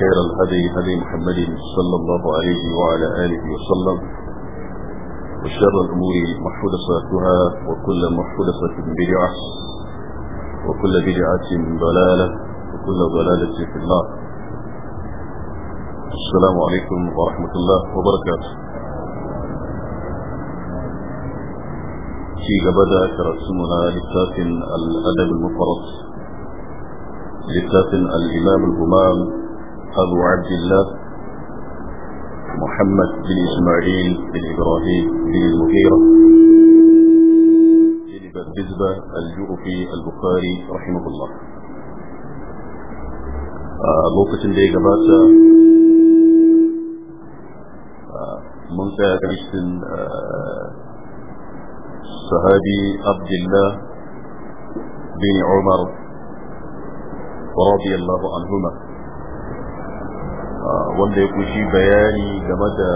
خير الهدي هدي محمد صلى الله عليه وعلى آله وسلم وشر الأمور محدثاتها وكل محدثة بدعة وكل بدعة ضلالة وكل ضلالة في النار السلام عليكم ورحمة الله وبركاته في بدأ كرسمنا لكتاب الأدب المفرط لكتاب الإمام الهمام أبو عبد الله محمد بن إسماعيل بن إبراهيم بن المغيرة بن بزبة الجوفي البخاري رحمه الله لوكة آه، دي جباسة آه، منسى كريستن آه، صحابي عبد الله بن عمر رضي الله عنهما wanda ya kushi bayani game da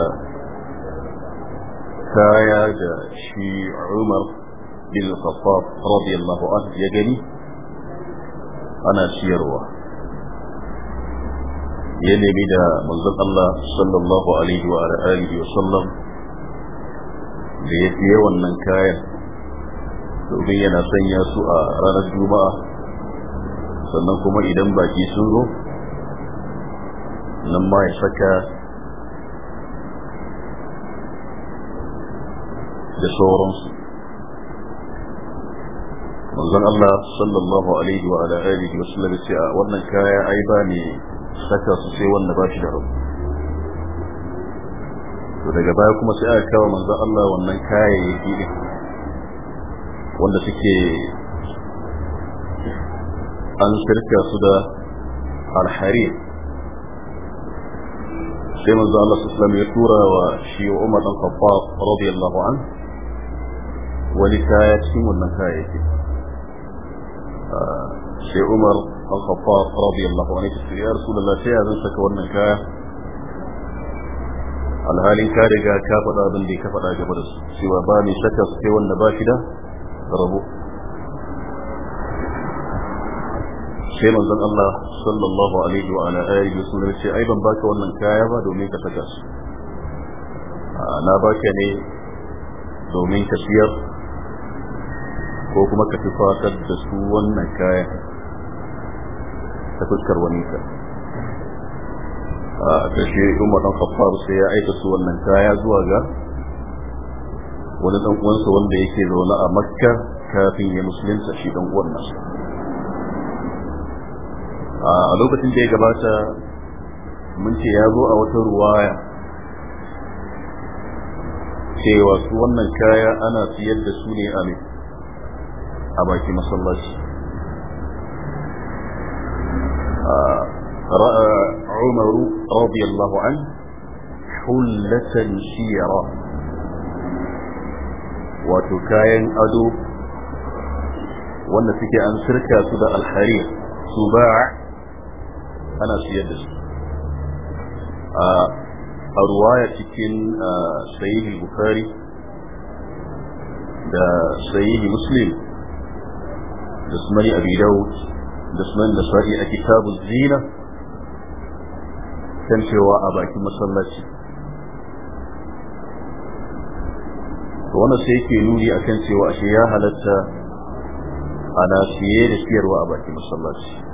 kaya da shi Umar bin Khattab radiyallahu anhu ya gani ana siyarwa ya nemi da manzon Allah sallallahu alaihi wa alihi wa sallam da ya fiye wannan kayan domin yana sanya su a ranar juma'a sannan kuma idan baki sun zo لما يسكى بصورة وزن الله صلى الله عليه وعلى آله وسلم السعاء وانا كايا ايباني سكى سسي وانا باش جرب ودقى بايكم سعاء كوا من ذا الله وانا كايا يكيلي وانا سكي انسرك سدى الحريق قيمة ذا الله سلم يسورة وشيء عمر الخطاب رضي الله عنه ولكاية سمو المكايك شيء عمر الخطاب رضي الله عنه يا رسول الله شيء هذا انسك والمكاية على هالي كارجا كافر ابن لي كفر اجبرس سوى باني شكس كي والنباكدة ربو sai manzon Allah sallallahu alaihi wa ala alihi wasallam ce ai ban baka wannan kaya ba domin ka saka su na baka ne domin ka siyar ko kuma ka tufatar da su wannan kaya ta fuskar wani ka a ƙarshe umar dan khattab sai ya aika su wannan kaya zuwa ga wani dan uwansa wanda yake zaune a makka kafin ya musulunta shi dan uwan nasu. a lokacin da ya gabata mun ce ya zo a wata ruwaya cewa su wannan kaya ana siyar da su ne a ne a baki masallaci umaru radiyallahu an hullatan shiyara wato kayan ado wanda suke an sirka su da alhari su ba ana siyar da su a ruwaya cikin sahihi bukhari da sahihi muslim da sunani abi daud da sunan da sa'i a kitabun zina kan cewa a bakin masallaci wannan sai yake nuni akan cewa ashe ya halatta ana siye da siyarwa a bakin masallaci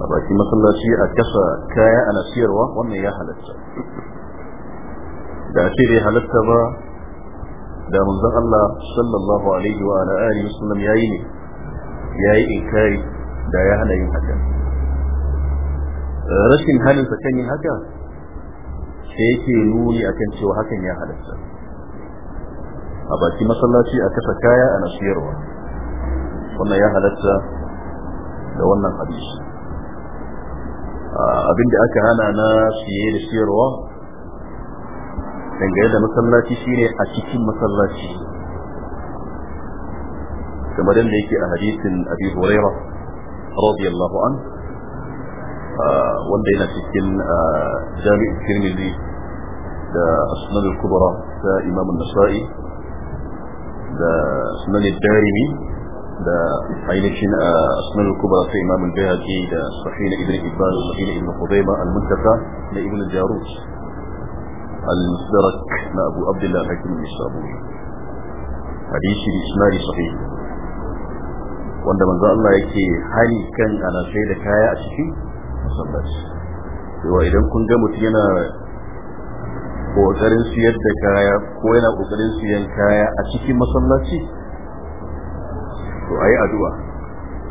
a bakin masallaci a kasa kaya ana siyarwa wannan ya halatta da ce bai halatta ba da manzon Allah sallallahu alaihi wa ala alihi wasallam yayi ne yayi inkari da ya hana yin haka rashin halin sa kan yin haka sai yake nuni akan cewa hakan ya halatta a baki masallaci a kasa kaya ana siyarwa wannan ya halatta da wannan hadisi abinda aka hana na fiye da siyarwa dangane da masallaci shine a cikin masallaci kamar da yake a hadisin abi hurairah radiyallahu an wanda yana cikin jami'in tirmidhi da asnan al-kubra da imam an-nasa'i da sunan ad-darimi da ainihin uh, asnan kubra sai imam al-bayhaqi da sahih ibn hibban sahih ibn khuzaimah al-muntaka da ibn jarus al-musdarak na abu abdullah hakim al-sabuni hadisi bi isnadi sahih wanda manzo Allah yake hali kan ana sai da kaya a cikin masallaci to idan kun ga mutum yana kokarin siyar da kaya ko yana kokarin siyan kaya a cikin masallaci to ayi addu'a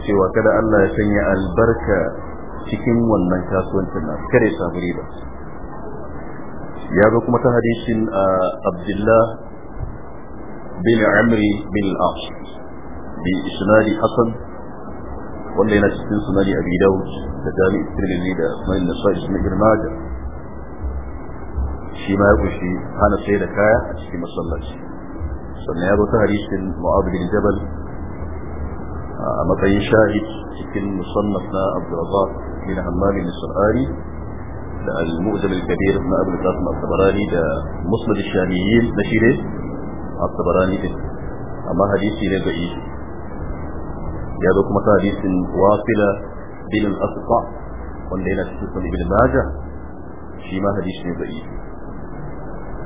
cewa kada Allah ya sanya albarka cikin wannan kasuwancin na kada ya riba ya ga kuma ta hadisin Abdullah bin Amri bin al-As bi isnadi Hasan wanda yana cikin sunani Abi Dawud da Jami'u Tirmidhi da Sunan Nasa'i da Ibn Majah shi ma ya kushi hana sai da kaya a cikin masallaci sannan ya ga ta hadisin Mu'adh bin Jabal a matsayin shahid cikin musannaf na abdurrazzaq bin hammam bin surari da al-mu'jam al-kabir na abul qasim at-tabarani da musnad ash-shamiyyin na shire at-tabarani din amma hadisi ne da'i ya zo kuma ta hadisin wasila bin al-asqa wanda yana cikin sunan ibn majah shi ma hadisi ne da'i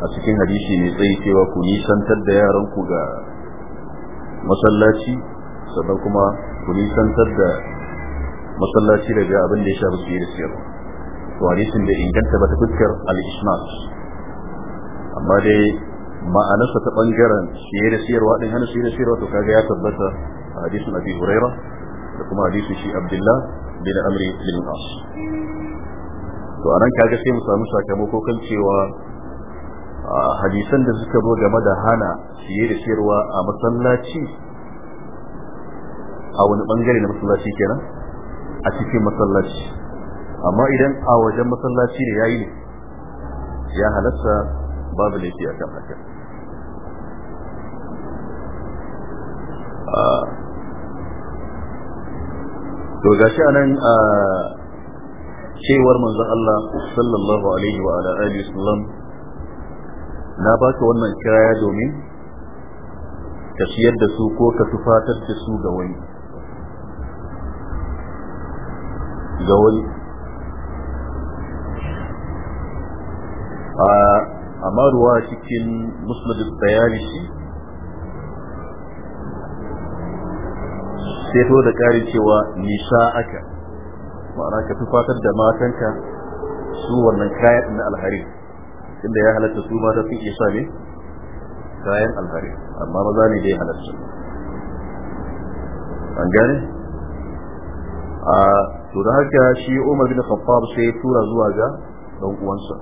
a cikin hadisi ne tsayi cewa ku nisantar da yaran ku ga masallaci sannan kuma ku nisantar da masallaci daga abin da ya shafi fiye da siyarwa to hadisin da inganta ba ta fuskar al-ismat amma dai ma'anarsa ta bangaren fiye da siyarwa din hana fiye da siyarwa to kaga ya tabbata a hadisin abi huraira da kuma hadisin shi abdullah bin amri bin as to anan kaga sai mu samu sakamako kan cewa hadisan da suka zo game da hana siye da siyarwa a masallaci a wani bangare na masallaci kenan a cikin masallaci amma idan a wajen masallaci ne yayi ne ya halatta babu laifi akan haka ah, to gashi anan a ah, cewar manzon Allah sallallahu alaihi wa ala alihi wasallam na baka wannan kiraya domin ka siyar da su ko ka tufatar da su ga wani ga wuri amma ruwa cikin bayani shi sai to da ƙari cewa nisa aka ma'ana ka tufatar da matanka su wannan kayan na alhari inda ya halatta su mata sun isa ne kayan alhari amma maza ne da ya halatta an gane a to da haka shi Umar bin Khattab sai ya tura zuwa ga dan uwansa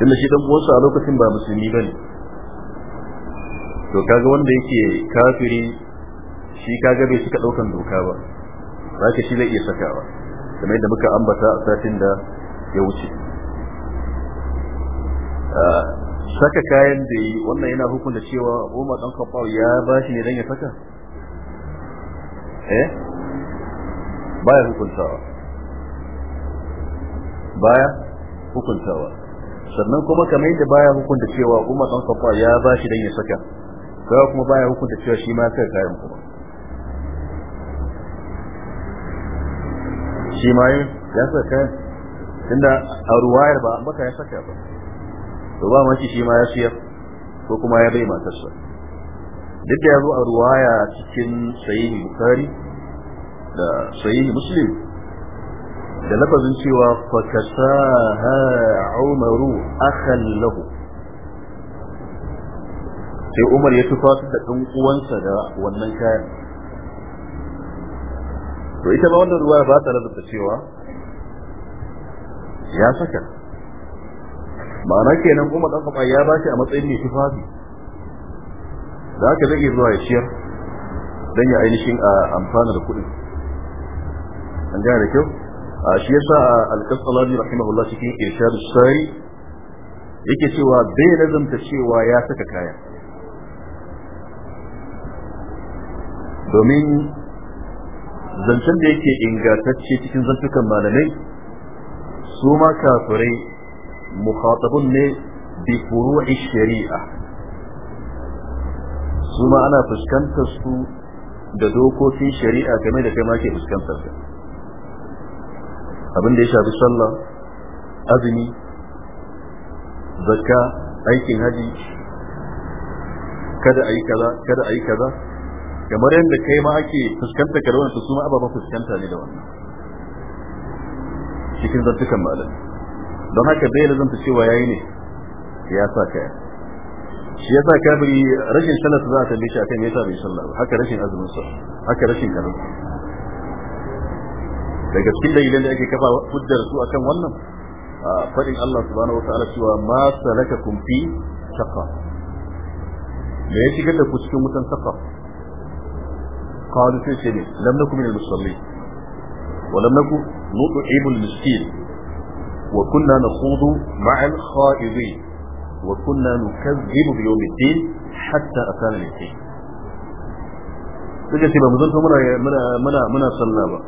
tunda shi dan uwansa a lokacin ba musulmi bane to kaga wanda yake kafiri shi kaga bai suka daukan doka ba zaka shi zai iya sakawa kamar da muka ambata a satin da ya wuce saka kayan da yi wannan yana hukunta cewa Umar dan Khattab ya bashi ne dan ya saka eh baya hukuntawa baya hukuntawa sannan kuma kamar yadda baya hukunta cewa Umar dan Khattab ya ba shi dan ya saka kawai kuma baya hukunta cewa shi ma kai kayan kuma shi ma ya saka kayan tunda a ruwayar ba an baka ya saka ba to ba ma shi ma ya siyar ko kuma ya bai matarsa duk da ya a ruwaya cikin sahihi bukhari da sahihi muslim da lafazin cewa fakasaha umaru akhal lahu sai umar ya tufafi da ɗan uwansa da wannan kayan to ita ba wannan ruwa ba ta lazarta cewa ya saka ma'ana kenan kuma dan ɗan ya bashi a matsayin mai tufafi da haka zai zuwa ya ciyar don ya ainihin a amfana da kuɗi an gane da kyau a shi yasa alƙasalani rahimahullah cikin irshadu sari yake cewa bai nazanta cewa ya saka kaya domin zancen da yake ingantacce cikin zantukan malamai su ma kafirai mukhatabun ne bi furu'i shari'a su ma ana fuskantar su da dokokin shari'a game da kai ma ke fuskantar su abin da ya shafi sallah azumi zakka aikin haji kada a yi kaza kada a yi kaza kamar yadda kai ma ake fuskanta karwan su ma ababa fuskanta ne da wannan cikin zartukan malam don haka bai lazanta cewa yayi ne ya sa kaya shi yasa kafiri rashin sallar za a tambaye shi akan yasa bai sallah ba haka rashin azumin sa haka rashin kaza daga cikin dalilan da ake kafa hujjar su akan wannan fadin Allah subhanahu wataala cewa ma salakakum fi shaqqa me ya shigar da ku cikin wutan safa qalu sai ce ne lam nakum min al-musallin wa lam nakum nut'imu al-miskin wa kunna nakhudu ma'a al-khaidin wa kunna nukazzibu bi yawmiddin hatta atana al-yaqin suka ce ba mu zanto muna muna muna muna sallah ba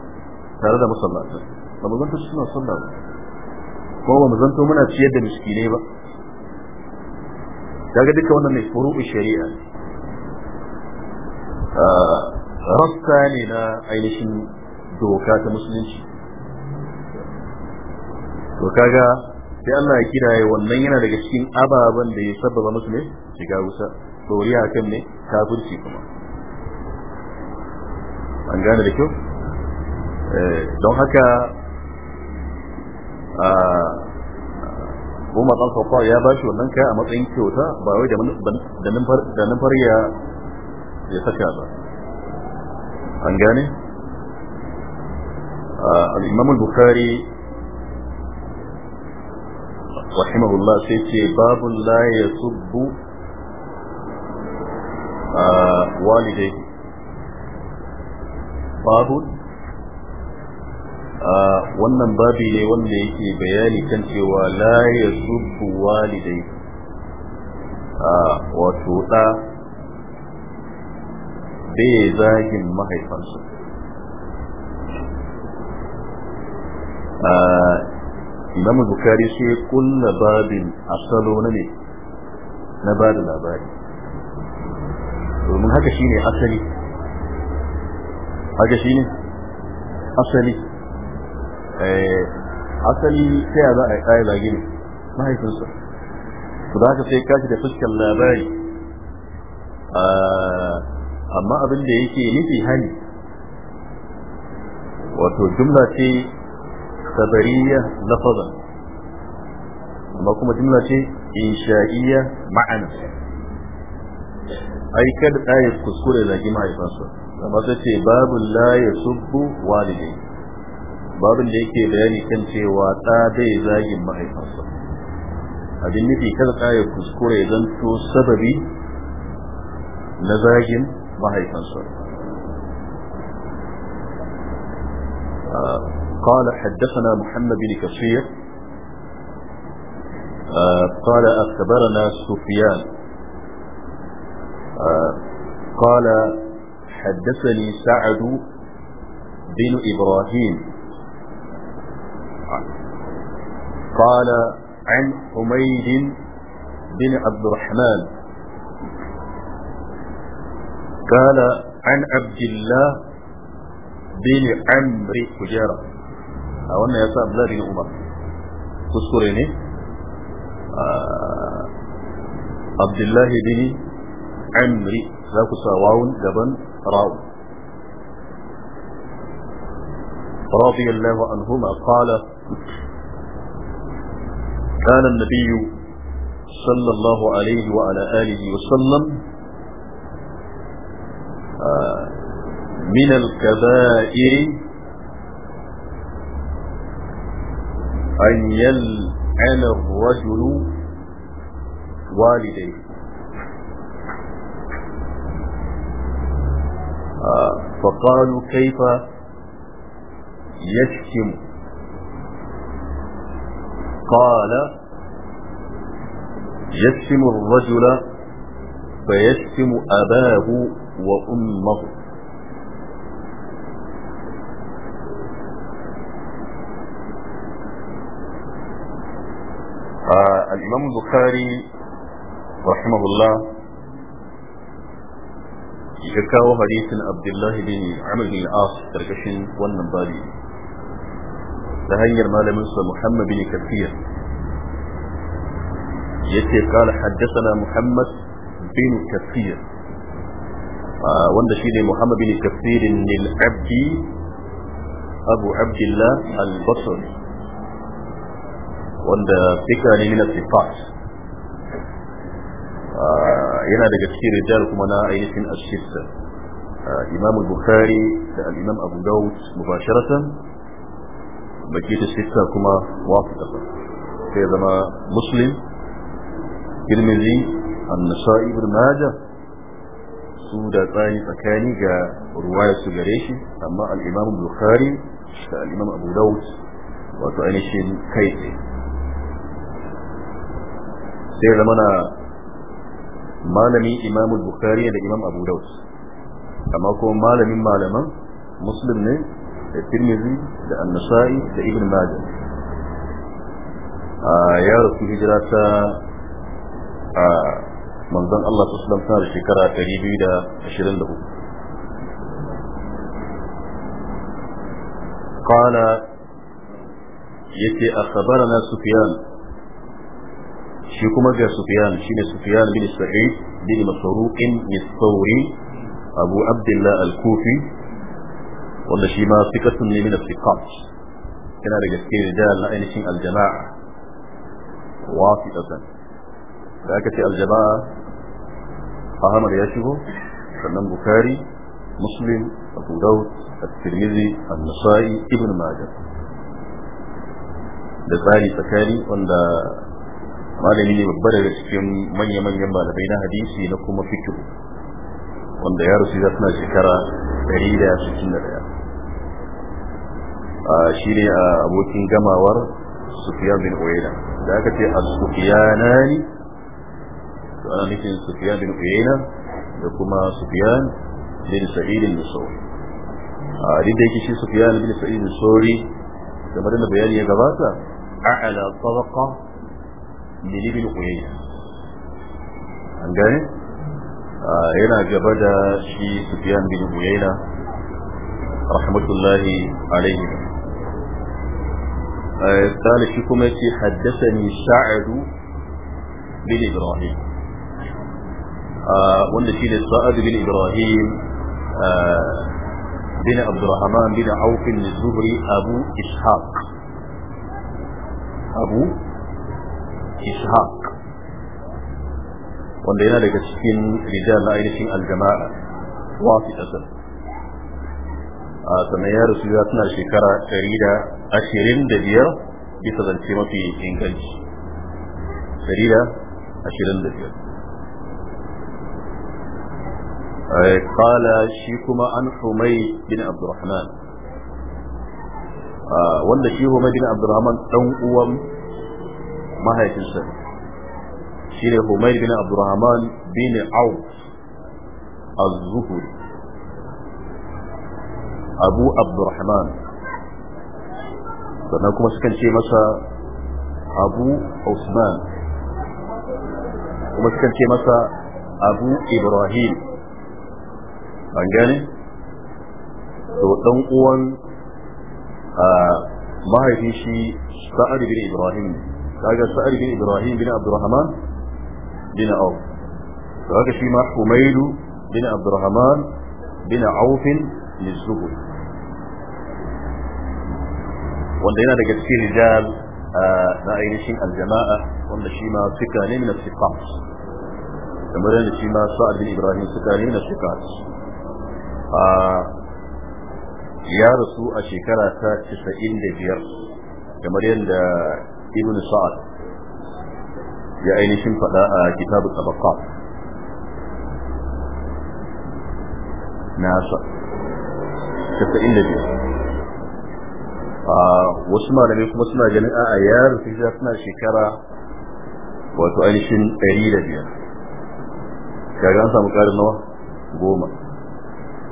tare da masallata ba mu zanto suna sallah ba ko ba mu zanto muna ciyar da miskinai ba kaga duka wannan ne furu'u shari'a rasta ne na ainihin doka ta musulunci to kaga sai Allah ya kiraye wannan yana daga cikin ababen da ya sababa musu ne shiga wuta doriya kan ne kafirci kuma an gane da kyau eh, don haka kuma ɗan Khattab ya ba shi wannan kaya a matsayin kyauta ba wai da nan ya ya saka ba an gane al-Imam al-Bukhari rahimahullah sai ce babun la ya subbu walidai babun wannan babi ne wanda yake bayani kan cewa la ya subbu walidai wato ɗa bai zagin mahaifansu imamu bukari sai kulla babin asalo na ne na ba da labari domin haka shine asali haka shine asali eh asali sai ya za a kai zagi ne mahaifinsa to za ka sai kashi da fuskan labari ah, amma abin da yake nufi hani wato jumla ce sabariya lafazan amma kuma jimla ce insha'iyya ma'ana ai kada da ya kuskure zagi mahaifansa amma sai ce babu la ya subbu walidai babu da yake bayani kan cewa ta bai zagin mahaifansa abin nufi kada ɗa ya kuskure zan to sababi na zagin mahaifansa قال حدثنا محمد بن كثير آه قال أخبرنا سفيان آه قال حدثني سعد بن إبراهيم قال عن حميد بن عبد الرحمن قال عن عبد الله بن عمرو حجره a wannan ya sa Abdullahi bin Umar kuskure ne Abdullahi bin Amri za ku sa wawun gaban rawu رضي الله عنهما قال كان النبي صلى الله عليه وعلى آله وسلم من الكبائر أن يلعن الرجل والديه آه، فقالوا كيف يشتم قال يشتم الرجل فيشتم أباه وأمه آه، الإمام البخاري رحمه الله يكاو حديث عبد الله بن عمرو بن العاص تركشن والنبالي تهير مال موسى محمد بن كثير يتي قال حدثنا محمد بن كثير وان آه، وند محمد بن كثير العبد أبو عبد الله البصري wanda fika ne min sifat yana daga cikin rijal kuma na ainihin ashifta imam bukhari da al-imam abu daud mubasharatan baki ta sifta kuma wafiqatan sai zama muslim tirmidhi an-nasa'i ibn majah su da tsayi tsakani ga ruwaya su gare shi amma al-imam bukhari da al-imam abu daud wato ainihin kai tsaye sai zama na malami imam bukhari da imam abu daud amma kuma malamin malaman muslim ne da tirmidhi da annasai da ibn majah a ya rasu hijira ta a manzon Allah sallallahu alaihi da shekara 223 قال يتي أخبرنا سفيان shi kuma ga Sufyan shine Sufyan bin Sa'id bin Masruq bin Thawri Abu Abdullah al-Kufi wanda shi ma sikatun ne min as-siqat yana da gaske da na ainihin al-jama'a wasitatan da aka ce al-jama'a Ahmad ya shigo sannan Bukhari Muslim Abu Dawud At-Tirmidhi An-Nasa'i Ibn Majah da tsari tsakani wanda malami ne babba daga cikin manya-manyan malamai na hadisi na kuma fikihu wanda ya rasu ya suna shekara 161 a shi ne a abokin gamawar sufiyan bin uyayna da aka ce a sufiyanani to ana nufin sufiyan bin uyayna da kuma sufiyan bin sa'id bin sauri a duk da yake shi sufiyan bin sa'id bin sauri da madana bayani ya gabata a'ala tabaqa lilibin uyayya an gane yana gaba da shi sufiyan bin uyayna rahmatullahi alaihi قال شكم حدثني سعد بن إبراهيم wanda shi ne sa'ad bin ibrahim bin abdurrahman bin auf bin zuhri abu ishaq abu ishaq wanda yana daga cikin rijal na ainihin aljama'a wasu ƙasar a sannan ya rasu ya suna shekara ɗari da ashirin da biyar bisa zance mafi inganci ɗari da ashirin da biyar قال شيكما عن حمي بن عبد الرحمن wanda shi Umar bin Abdurrahman dan uwan mahaifinsa shi ne Humayr bin Abdurrahman bin Auf az-Zuhri Abu Abdurrahman sannan kuma sukan ce masa Abu Usman kuma sukan ce masa Abu Ibrahim an gane to dan uwan ah, mahaifin shi Sa'ad bin Ibrahim kaga sa'ad bin ibrahim bin abdurrahman bin auf kaga shi ma humaidu bin abdurrahman bin auf lizuhur wanda yana daga cikin rijal na ainihin aljama'a wanda shi ma suka ne min as-siqat kamar da shi ma sa'ad bin ibrahim suka ne min as-siqat ya rasu a shekara ta 95 kamar yadda ibn sa'ad ya ainihin faɗa a kitabu tabaqat nasa 92 wasu malamai kuma suna ganin a'a ya rufe suna shekara wato ainihin 105 kaga an samu ƙarin nawa goma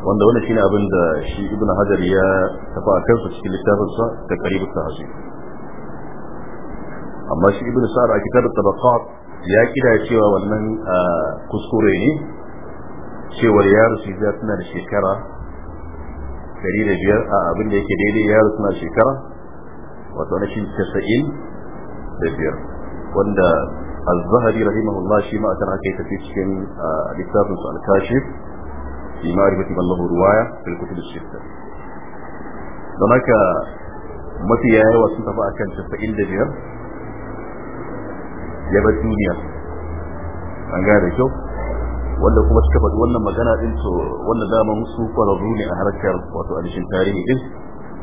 wanda wannan shine abin da shi ibnu hajar ya tafa kansa cikin littafinsa da karibu tahzib amma shi ibnu sa'ad a kitab at tabaqat ya kida cewa wannan kuskure ne cewa ya rusi za tana da shekara dari da biyar a abin da yake daidai ya rusi suna shekara wato na shi tasa'in da biyar wanda al-zahari الظهري رحمه الله شيما أتنا كيف تفيتشن الكتاب الكاشف في معرفة من له رواية في الكتب الستة don haka mafi yawa sun tafi akan 95 ya bar duniya an gane da kyau wanda kuma suka faɗi wannan magana din to wanda dama su kwararru ne a harkar wato alishin tarihi din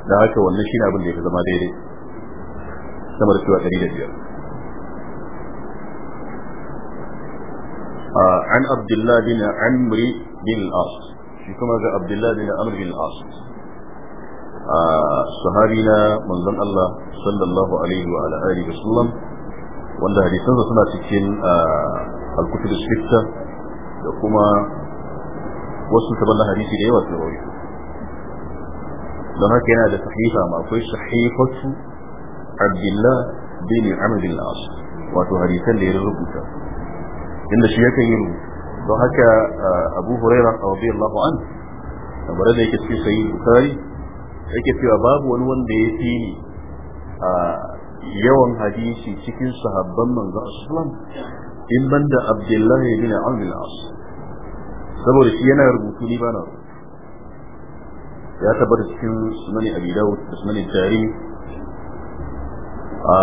da haka wannan shine abin da ya zama daidai sama da cewa ɗari da biyar عن عبد الله بن عمرو بن العاص كما قال عبد الله بن عمرو بن العاص صحابينا من الله صلى الله عليه وعلى آله وسلم wanda hadisansa suna cikin ah, al-kutub as da kuma wasu taballan hadisi da yawa su rawaito don haka yana da sahifa ma akwai sahifatu Abdullah bin Amr bin As wato hadisan da ya rubuta inda shi yakan yi don haka ah, Abu Hurairah radiyallahu anhu kamar da yake cikin sahih Bukhari yake cewa babu wani wanda ya fi a ah, yawan hadisi cikin sahabban manzo aslam in banda abdullahi bin amr al-as saboda shi yana rubutu ni bana ya tabbata cikin sunan abi dawud da sunan tari a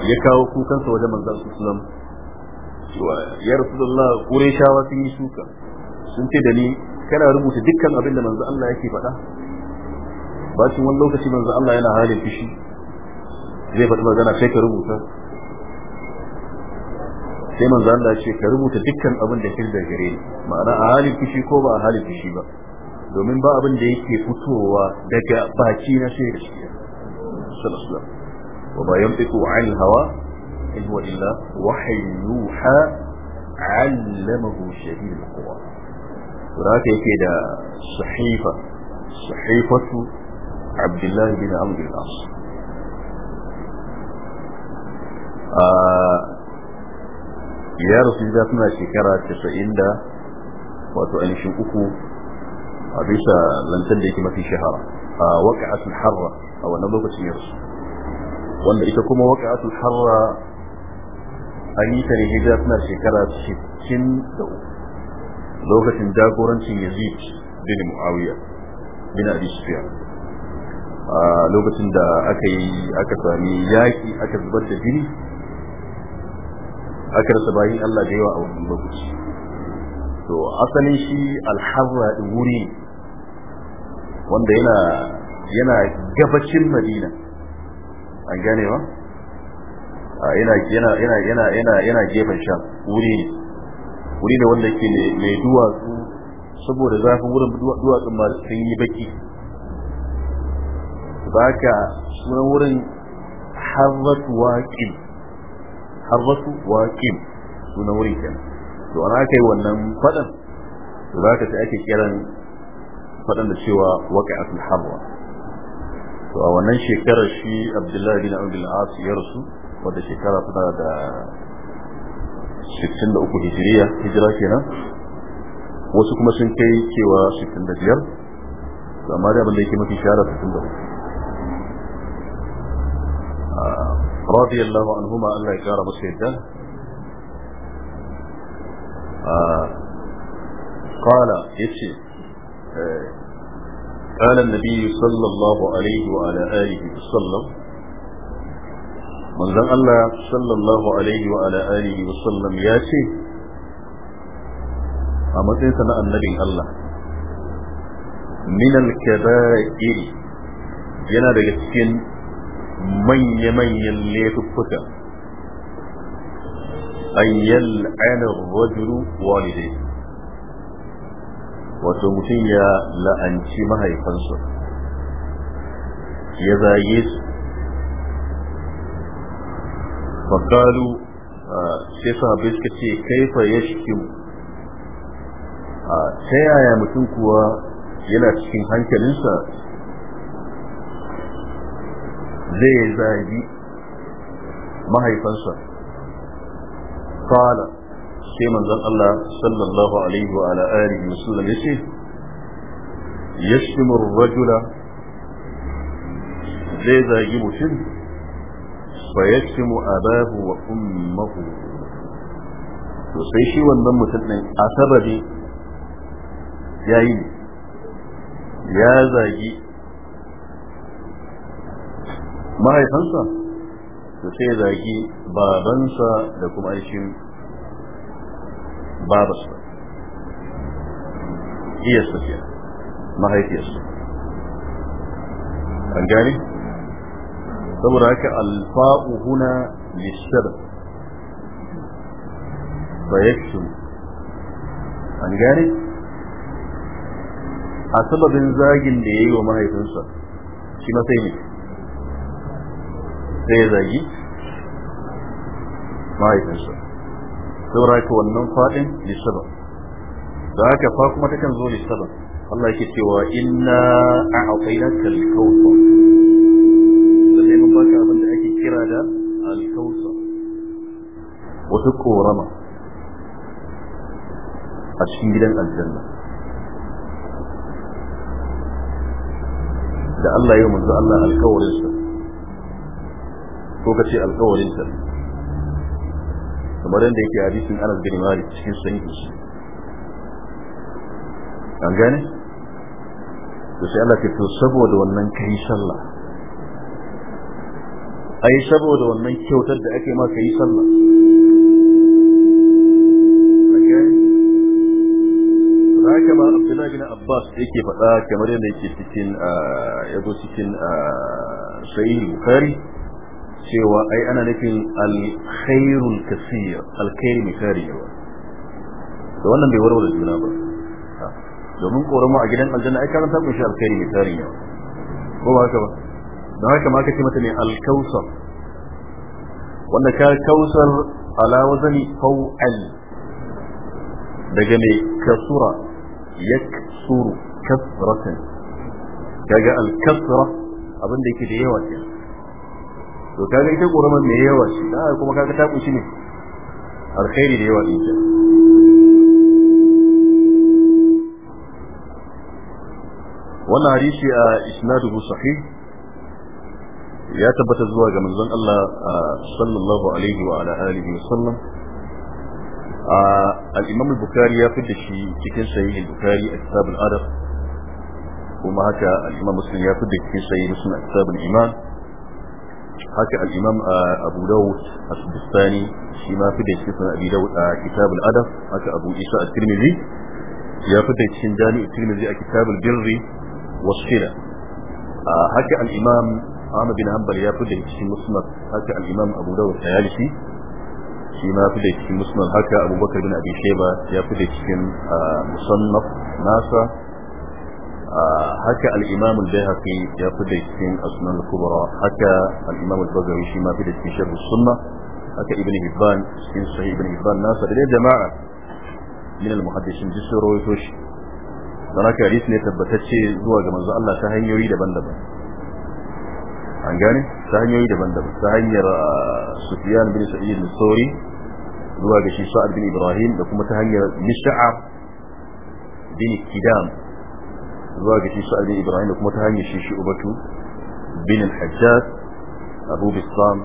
ya kawo kukansa wajen manzo aslam ya rasulullah qurayshawa sun yi suka sun ce da ni kana rubuta dukkan abin da manzo Allah yake faɗa bacin wani lokaci manzo Allah yana halin fishi zai faɗi magana sai ka rubuta sai manzo Allah ce ka rubuta dukkan abin da ke da gare ni ma'ana a halin fushi ko ba a halin fushi ba domin ba abin da yake fitowa daga baki na sai da shi sallallahu alaihi wa ba yantiqu an hawa in huwa illa wahyu yuha allamahu shadid alquwa to yake da sahifa sahifatu Abdullahi bin Amr bin As ya rasu da suna shekara 90 da wato ainihin uku a bisa lantar da yake mafi shahara a waƙa'atul harra a wannan lokacin ya rasu wanda ita kuma waƙa'atul harra an yi ta ne hijira suna shekara 63 lokacin jagorancin yazid bin muawiya bin abi sufyan a lokacin da aka yi aka sami yaki aka zubar da jini aka rasa bayin Allah da yawa a wannan lokaci to asalin shi alharra wuri wanda yana yana gabacin madina an gane ba yana yana yana yana yana gefen sha wuri ne wuri ne wanda ke mai duwatsu saboda zafin wurin duwatsun ma sun yi baki ba ka sunan wurin harrat waqil harbasu wa kim sunan wurin kenan to an aka yi wannan fadan to za ka ake kiran fadan da cewa waqi'atul harwa to a wannan shekarar shi abdullahi bin abdul as ya rasu wata shekara tana da 63 hijiriya hijira kenan wasu kuma sun kai cewa 65 to amma da abin da yake mafi shahara 63 radiyallahu anhuma Allah ya kara musu yadda قال يتي قال النبي صلى الله عليه وعلى آله وسلم من ذن الله صلى الله عليه وعلى آله وسلم ياتي أما تنسى النبي الله من الكبائر yana daga cikin manya-manyan laifuffuka ayyal ainihin rajulu walidai wato mutum ya la'anci mahaifansu ya zage su fakalu ah, sai sahabai suka ce kaifa ya shikimu ah, ta yaya mutum kuwa yana cikin hankalinsa zai zagi mahaifansa kala sai manzon Allah sallallahu alaihi wa ala alihi wa sallam yace yashmu rajula zai zagi mutum fa yashmu abahu wa ummuhu to sai shi wannan mutum din asababi yayi ya zagi mahaifansa to sai ya zagi babansa da kuma aishin babarsa iyarsa ke mahaifiyarsa an gane saboda haka alfa'u huna lishar bayakshin an gane a sababin zagin da ya yi wa mahaifinsa shi matsayi ne sai ya zagi mahaifinsa saboda haka wannan faɗin lisaba da haka fa kuma takan zo lisaba Allah yake cewa inna a'tainaka al-kawthar sai mun baka abin da ake kira da al-kawthar wata korama a cikin gidan aljanna da Allah ya manzo Allah alkawarinsa ko ka kace alƙawarin ta kamar yadda yake hadisin Anas bin Malik cikin sahihi an gane to sai Allah ke to saboda wannan kai sallah ai saboda wannan kyautar da ake maka yi sallah haka ma Abdullahi bin Abbas yake faɗa kamar yadda yake cikin ah, ya zo cikin ah, Sahih Bukhari cewa ai ana nufin alkhairul kasir alkhairi mai yawa, da wannan bai warware juna ba domin korama a gidan aljanna ai karanta kun shi alkhairi mai yawa. ko ba haka ba da haka ma aka ce mata ne alkausar wanda ka kausar ala wazani faw'al daga mai kasura yaksuru kasratan daga alkasra abin da yake da yawa kenan to kaga ita goroma mai yawa shi da kuma kaga ta kunshi ne alkhairi da yawa dinta wannan hadisi a isnaduhu sahih ya tabbata zuwa ga manzon Allah sallallahu alaihi wa ala alihi wasallam al-Imam al-Bukhari ya fitta shi cikin sahih al-Bukhari a kitab al-Adab kuma haka al-Imam Muslim ya fitta cikin sahih Muslim a kitab al-Iman haka al-imam ah, abu dawud as-sistani shi ma fi da shi sunan abi dawud a ah, kitab al-adab haka abu isa at-tirmidhi ya fi da cikin jami'i tirmidhi a kitab al-birri was-sila ah, haka al-imam Ahmad bin Hanbal ya fi da cikin musnad haka al-imam abu dawud tayalisi shi ma fi da cikin musnad haka abubakar bin abi shayba ya fi da cikin musannaf nasa haka al-imam al-bayhaqi ya fada cikin asnan al-kubra haka al-imam al-bazawi shi ma fada cikin sharh sunna haka ibn hibban cikin sahih ibn hibban nasa da jama'a min al-muhaddisin bisu rawaito shi dan haka hadisi ne tabbatacce zuwa ga manzo Allah ta hanyoyi daban-daban an gane ta hanyoyi daban-daban ta hanyar Sufyan bin Sa'id al-Thawri zuwa ga shi Sa'ad bin Ibrahim da kuma ta hanyar Mish'ab bin Kidam zuwa ga shi sa'adin ibrahim da kuma ta hanyar shi shi ubatu bin al-hajjaj abu bisam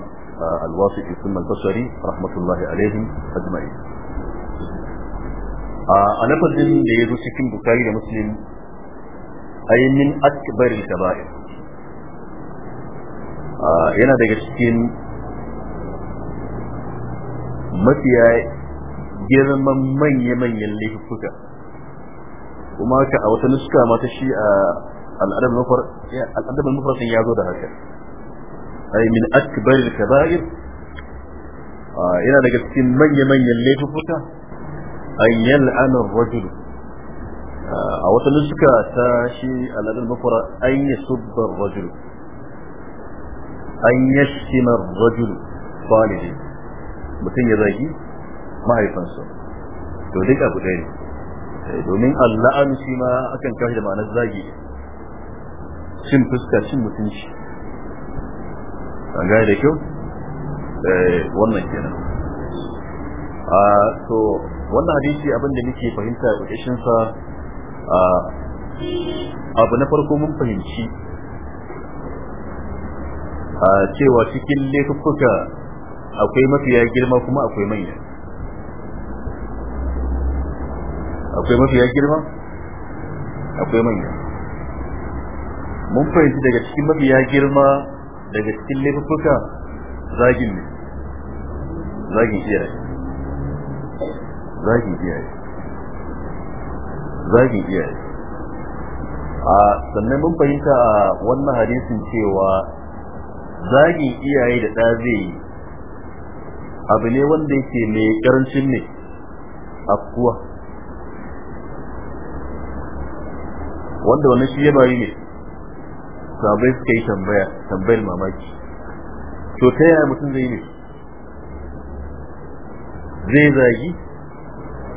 al-wasiti thumma al-basri rahmatullahi alaihim ajma'in a lafazin da ya zo cikin bukari da muslim ay min akbar al-kaba'ir yana daga cikin mafiya girman manya-manyan laifuka kuma ka a wata nuska ma ta shi a al'adab mufar al'adab mufar ya zo da haka ai min akbar al-kaba'ir yana daga cikin manya-manyan laifuka an yal'ana rajul a wata nuska ta shi al'adab mufar an yasubba ar-rajul an yashtima ar-rajul walidi mutum ya zagi mahaifansa to duk abu ɗaya ne Eh, domin alla'an shi ma akan kashi da ma'anar zagi shin fuska shin mutunci an gaya da kyau eh, wannan kenan a ah, to wannan hadisi abin da muke fahimta a sa a ah, abu na farko mun fahimci a ah, cewa cikin laifuka akwai mafiya girma kuma akwai manya akwai mafiya girma akwai manya mun fahimci daga cikin mafiya girma daga cikin laifuka zagin ne zagin iyaye zagin iyaye zagin iyaye a sannan mun fahimta a wannan hadisin cewa zagin iyaye da ɗa zai yi abu ne wanda yake mai ƙarancin ne kuwa. wanda wannan shi ya yi ne sabai suka yi tambaya tambayar mamaki to ta yaya mutum zai ne zai zagi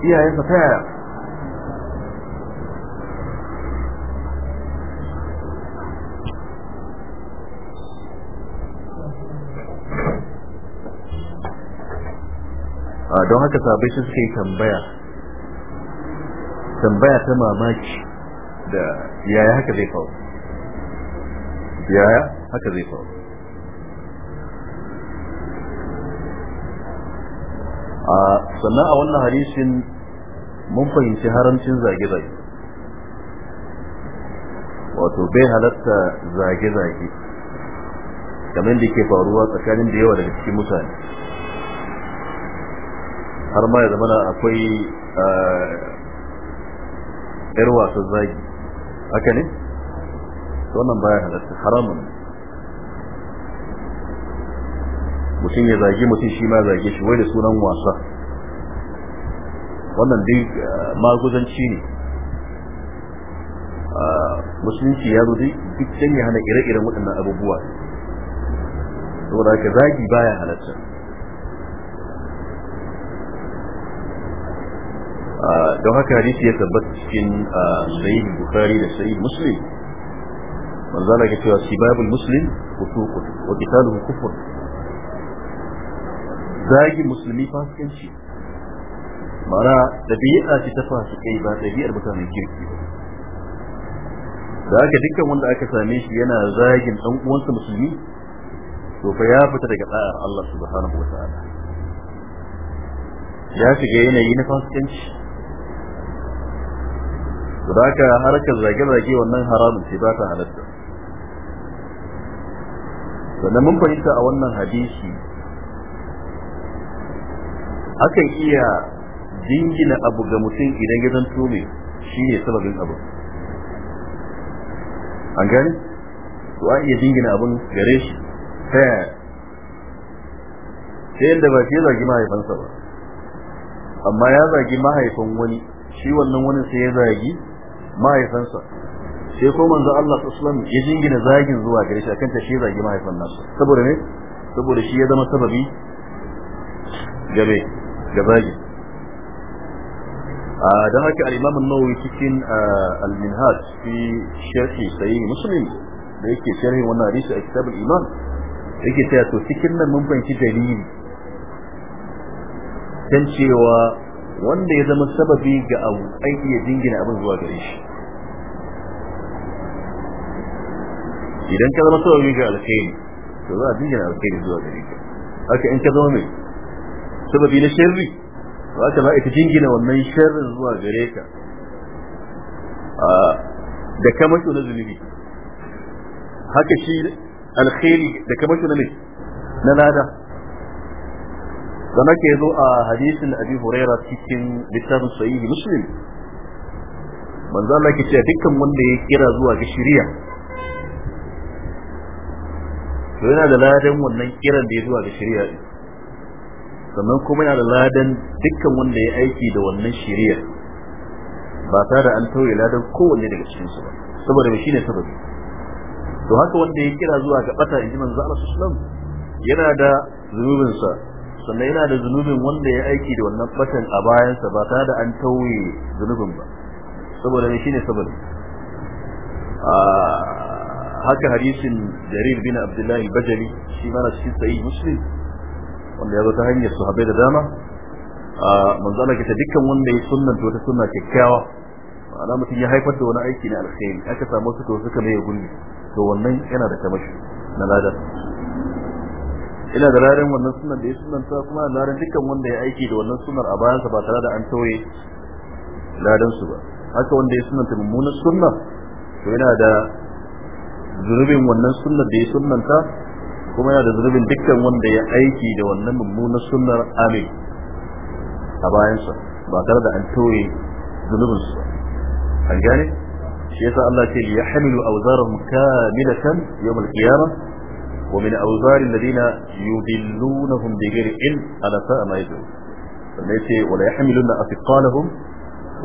iyayensa ta yaya don haka sabai suka yi tambaya tambaya ta mamaki da yaya haka zai faru yaya haka zai faru a sannan a wannan hadisin mun fahimci haramcin zage-zage wato bai halatta zage-zage kamar da ke faruwa tsakanin da yawa daga cikin mutane har ma ya zama akwai yar eh, wasan zagi haka ne wannan baya halatta haramun mutum ya zage mutum shi ma zage shi wai da sunan wasa wannan dai eh, maguzanci ne ah, musulunci ya zo dai duk can ya hana ire-iren waɗannan abubuwa saboda haka zagi baya halatta don haka hadisi ya tabbata cikin ah, sahih bukhari da sahih muslim manzo Allah ya cewa sibabul muslim fusuq wa qitaluhu kufr zagi musulmi fasikanci mara dabi'a ce ta kai ba dabi'ar mutanen kirki da haka dukkan wanda aka same shi yana zagin dan uwansa musulmi to fa ya fita daga da'ar Allah subhanahu wa ta'ala ya shiga yanayi na fasikanci da haka harkar zage-zage wannan haramun ce ba ta halatta sannan mun fahimta a wannan hadisi akan iya jingina abu ga mutum idan gidan tome shi ne sababin abu an gani to a iya jingina abin gare shi ta yaya ta yadda ba shi ya zagi mahaifansa ba amma ya zagi mahaifin wani shi wannan wani sai ya zagi mahaifansa sai ko manzo Allah sallallahu ya jingina zagin zuwa gare shi akan ta shi zagi mahaifan nasa saboda ne saboda shi ya zama sababi gabe ga zagi dan haka al-Imam an-Nawawi cikin al-Minhaj fi sharhi sahih Muslim da yake sharhin wannan hadisi a kitab al-Iman yake cewa to cikin nan mun fahimci dalili dan cewa wanda ya zama sababi ga abu aiki ya jingina abin zuwa gare shi idan ka zama sauri ga alkhairi to za a jingina alkhairi zuwa gare ka haka in ka zama mai sababi na sharri to haka za a ita jingina wannan sharrin zuwa gare ka da kamasho na zunubi haka shi alkhairi da kamasho na mai na lada sannan ke zo a hadisin abi huraira cikin littafin sahihi muslim manzo Allah ke cewa dukkan wanda ya kira zuwa ga shari'a to yana da ladan wannan kiran da ya zuwa ga shari'a sannan kuma yana da ladan dukkan wanda ya aiki da wannan shari'a ba tare da an tauye ladan kowanne daga cikin su ba saboda shi ne sababi to haka wanda ya kira zuwa ga bata inji manzo Allah sallallahu yana da zunubin sa sannan yana da zunubin wanda ya aiki da wannan batan a bayan sa ba tare da an tauye zunubin ba saboda shi ne sababi ah, haka hadisin jarir bin abdullahi bajali shi mana cikin sahih muslim wanda ya zo ta hanyar sahabbai da dama manzo Allah ta dukkan wanda ya to wata sunna kyakkyawa ma'ana mutum ya haifar da wani aiki na alkhairi aka samu su to suka mai gurbi to wannan yana da kamashi na ladan ina da ladan wannan sunnar da ya ta kuma da ladan dukkan wanda ya aiki da wannan sunnar a bayansa ba tare da an tauye ladan su ba haka wanda ya ta mummunan sunna to yana da zunubin wannan sunnar da ya sunnanta kuma yana da zunubin dukkan wanda ya aiki da wannan mummunar sunnar amin a bayansa ba tare da an toye zunubin su an gane shi yasa Allah ce ya hamilu awzarahum kamilatan yawmal qiyamah wa min awzari alladhina yudillunahum bighairi ilm ala sa'a ma yajun sannan yace wala yahmiluna atqalahum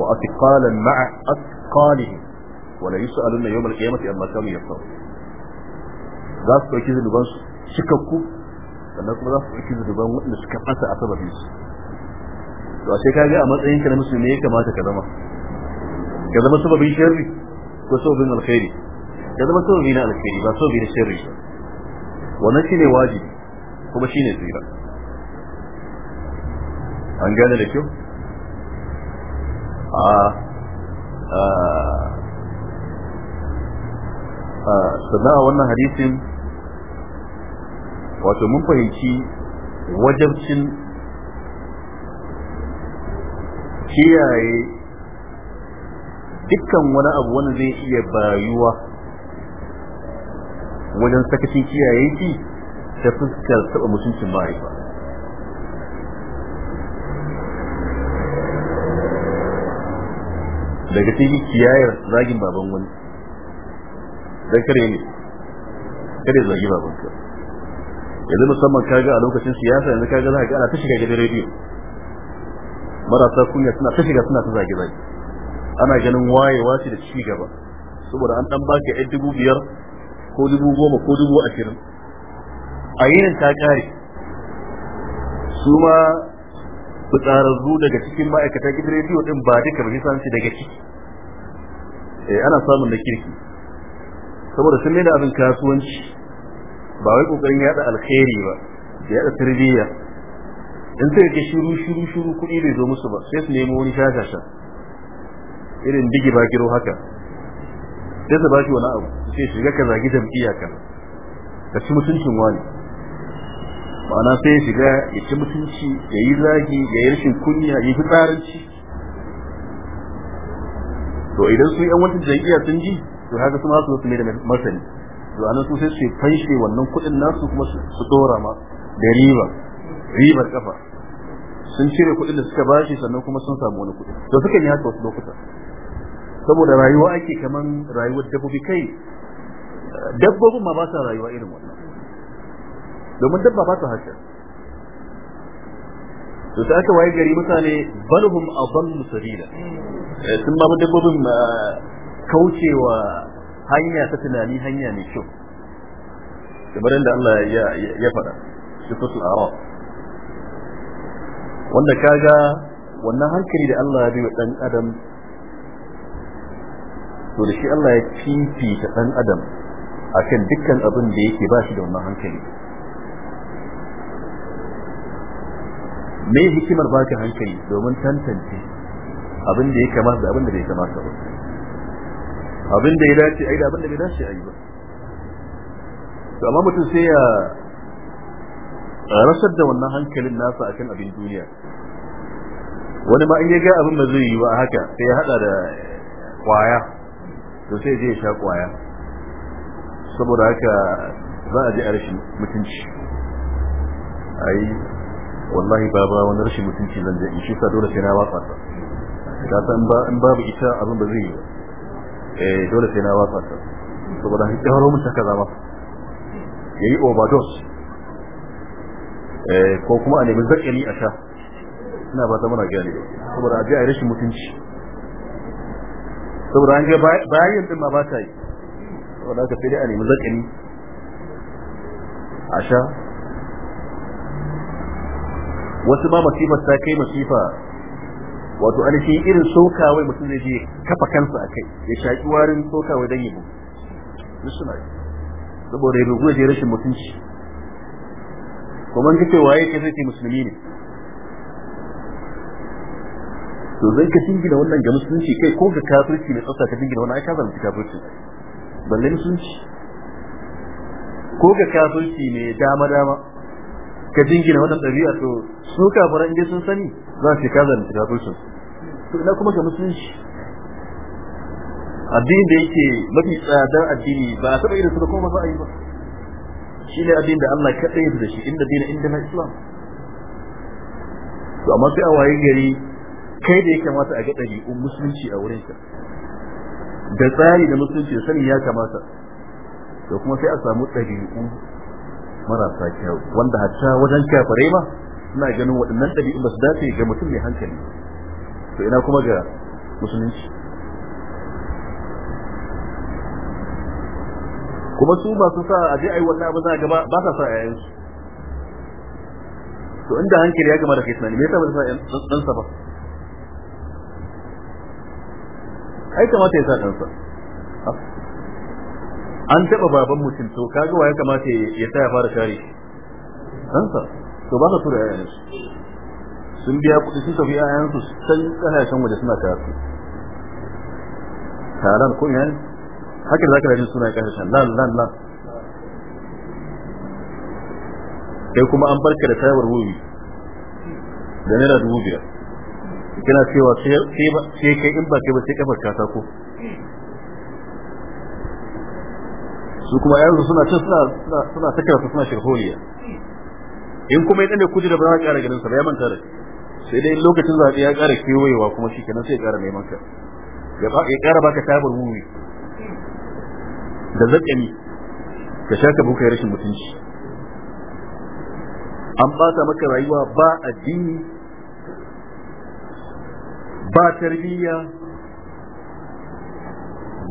wa atqalan ma'a atqalihim wala yus'aluna yawmal qiyamati amma kanu yaftarun za su ɗauki zunuban su cikakku sannan kuma za su ɗauki zunuban waɗanda suka fasa a sababin su to a ka ga a matsayin ka na musulmi ya kamata ka zama ka zama sababin sharri ko sababin alkhairi ka zama sababi na alkhairi ba sababi na sharri wannan shine wajibi kuma shi ne tsira an gane da kyau a sannan a wannan hadisin wato mun fahimci wajabcin kiyaye dukkan wani abu wanda zai iya bayuwa wajen sakacin kiyaye shi ta fuskar taɓa mutuncin ma'aifa daga cikin kiyayar zagin baban wani don kare ne kare zagi babanka yanzu musamman kaga a lokacin siyasa yanzu kaga za ga ana ta shiga gidan rediyo marasa kunya suna ta shiga suna ta zage zage ana ganin wayewa ce da ci gaba saboda an dan baka yan dubu biyar ko dubu goma ko dubu ashirin a yinin ta kare su ma fitsararru daga cikin ma'aikatan gidan rediyo din ba duka ba nisan shi daga ciki eh, ana samun na kirki saboda sun da abin kasuwanci ba wai kokarin yada alkhairi ba yada tarbiyya in sai ke shiru shiru shiru kuɗi bai zo musu ba sai su nemo wani shashasha irin digi ba giro haka sai su bashi wani abu sai shiga ka zagi jam'iyya ka ka ci mutuncin wani ma'ana sai ya shiga ya ci mutunci ya yi zagi ya yi rashin kunya ya yi fitsarinci to idan su yan wata jam'iyya sun ji to haka su ma su mai da masani to su sai su fanshe wannan kuɗin nasu kuma su dora ma da riba ribar kafa sun cire kuɗin da suka bashi sannan kuma sun samu wani kuɗi to suka yi haka wasu lokuta saboda rayuwa ake kaman rayuwar dabbobi kai dabbobin ma ba sa rayuwa irin wannan domin dabba ba ta haka to sai aka waye gari mutane balhum adallu sabila eh, sun ma dabbobin eh, kaucewa hanya ta tunani hanya mai kyau kamar da Allah ya ya faɗa sifatul araf wanda kaga wannan hankali da Allah ya bi wa dan adam to da shi Allah ya ta dan adam akan dukkan abin da yake ba shi da wannan hankali me hikimar baka hankali domin tantance abin da ya kamata da abin da bai kamata ba abin da ya dace ai da abin da bai dace ai ba to amma mutum sai ya rasar da wannan hankalin nasa akan abin duniya wani ma in ya ga abin da zai yi ba haka sai ya hada da kwaya to sai je ya sha kwaya saboda haka za a ji a rashin mutunci ai wallahi baba wani rashin mutunci zan je in shi sa dole sai na watsa ta san ba in babu ita abin da zai yi ba eh dole sai na watsa ta saboda hakki haro mun taka zama yayi overdose eh ko kuma a nemi zakkani a sha ina ba ta muna gani saboda aje ai rashin mutunci saboda an ga bayan din ma ba ta yi saboda ka sai dai a nemi zakkani a sha wasu ma masifar ta kai masifa wato shi irin soka wai mutum zai je kafa kansa a kai ya shaƙi warin soka wai dan yi musulmai saboda ya rubu je rashin mutunci kuma in kace waye kai zai musulmi ne to zai ka jingina wannan ga musulunci kai ko ga kafirci ne tsasa ka jingina wannan ai ka zalunci kafirci balle musulunci ko ga kafirci ne dama dama ka dingina wannan dabi'a to su kafiran dai sun sani za su ka zanta kafircin to ina kuma ga musulunci addini da yake mafi tsadar addini ba a taɓa irin su da kuma ba a yi ba shi ne addini da Allah tsaye da shi inda dina inda na islam to amma sai a waye gari kai da ya kamata a ga ɗabi'un musulunci a wurinka da tsari da musulunci da sani ya kamata to kuma sai a samu ɗabi'u marasa kyau wanda hatta wajen kafare ma ina ganin waɗannan ɗabi'u ba su dace ga mutum mai hankali to ina kuma ga musulunci kuma su masu sa a je a yi wannan za a gaba ba sa sa yayansu to inda hankali ya gama da kai tunani me yasa ba sa ɗansa ba ai kamata ya sa ɗansa an taba baban mutum to kaga wa ya kamata ya tsaya fara share kansa to ba ka tura yayan sun biya kuɗi sun tafi yayan su san kasashen waje suna karatu taron ko yan haka zaka rajin suna san lan lan lan sai kuma an barka da tayar ruwi da naira dubu biyar kina cewa sai kai in ba kai ba sai kafar ko su kuma yanzu suna cin suna suna sakar su suna shirholiya in kuma ya ne kudi da ba za ka kara ganin sa ba ya manta da sai dai lokacin zaɓe ya kara kewayewa kuma shi kenan sai ya kara neman ka ya kara baka tabar wuri da zaƙani ka sha ka buka rashin mutunci an ɓata maka rayuwa ba addini ba tarbiyya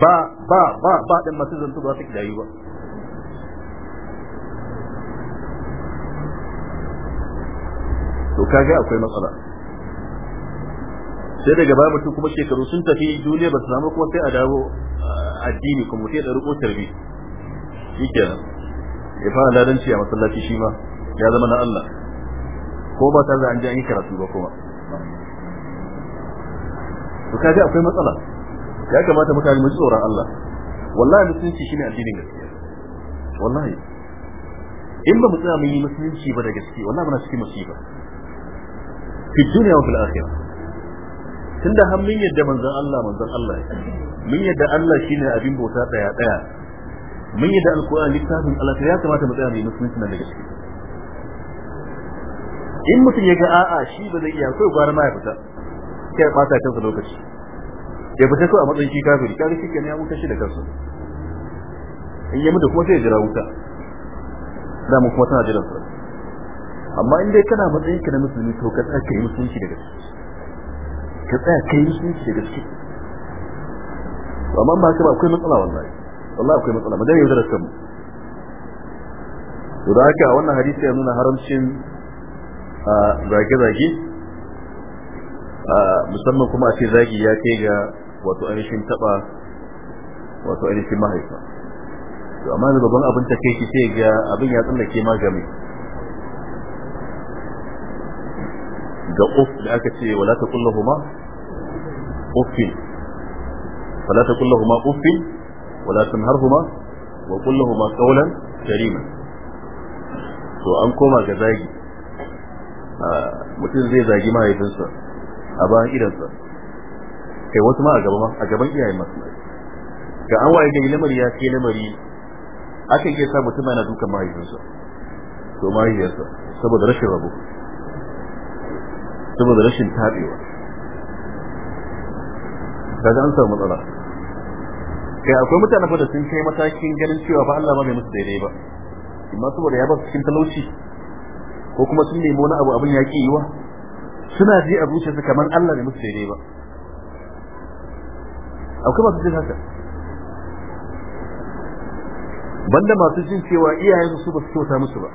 ba ba ba ba din masu zantu ba su kidayu ba to kage akwai matsala sai daga babu mutum kuma shekaru sun tafi duniya ba su samu kuma sai a dawo addini kuma sai da riko tarbi shikenan ya fara ladanci a masallaci shi ma ya zama na Allah ko ba tare da an ji an yi karatu ba kuma to kaga akwai matsala ya kamata mutane mu tsoron Allah wallahi musulunci shine addinin gaskiya wallahi in ba mu tsaya mun yi musulunci ba da gaske wallahi muna cikin musiba fi dunya wa fil akhirah tunda har mun yadda manzon Allah manzon Allah mun yadda Allah shine abin bauta daya daya mun yadda alquran littafin Allah ya kamata mu tsaya mu yi musulunci na da gaske in mutum ya ga a'a shi ba zai iya kai gwara ma ya fita kai ta kansa lokaci ya fita ko a matsayin shi kafiri kaga shi kenan ya wuta shi da kansa in yi mutu kuma sai ya jira wuta da mu kuma tana jira su amma in dai kana matsayin ka na musulmi to ka tsaya kai musulunci da gaske ka tsaya kai musulunci da gaske amma ba ka ba akwai matsala wallahi wallahi akwai matsala madan yaudarar kanmu to da haka wannan hadisi ya nuna haramcin ah, zage-zage ah, musamman kuma a ce zagi ya kai ga wato ainihin taba wato ainihin mahaifa to amma da babban abin take shi sai ga abin ya tsallake ma game ga uf da aka ce wala ta kullahuma uffin wala ta kullahuma uffin wala tanharhuma wa kullahuma qawlan karima to an koma ga zagi ah, mutum zai zagi mahaifinsa a bayan idansa kai wasu ma a gaban a gaban iyayen masu ga an waye gari lamari ya kai lamari aka iya sa mutum yana dukan mahaifinsa to mahaifiyarsa saboda rashin rabo saboda rashin tabewa kaga an samu matsala kai akwai mutane fa da sun kai matakin ganin cewa ba Allah ma bai musu daidai ba amma saboda ya ba su cikin talauci ko kuma sun nemi wani abu abin ya ki yiwa suna ji a zuciyarsa kamar Allah bai musu daidai ba akwai masu jin haka banda masu jin cewa iyayen su ba su kyauta musu ba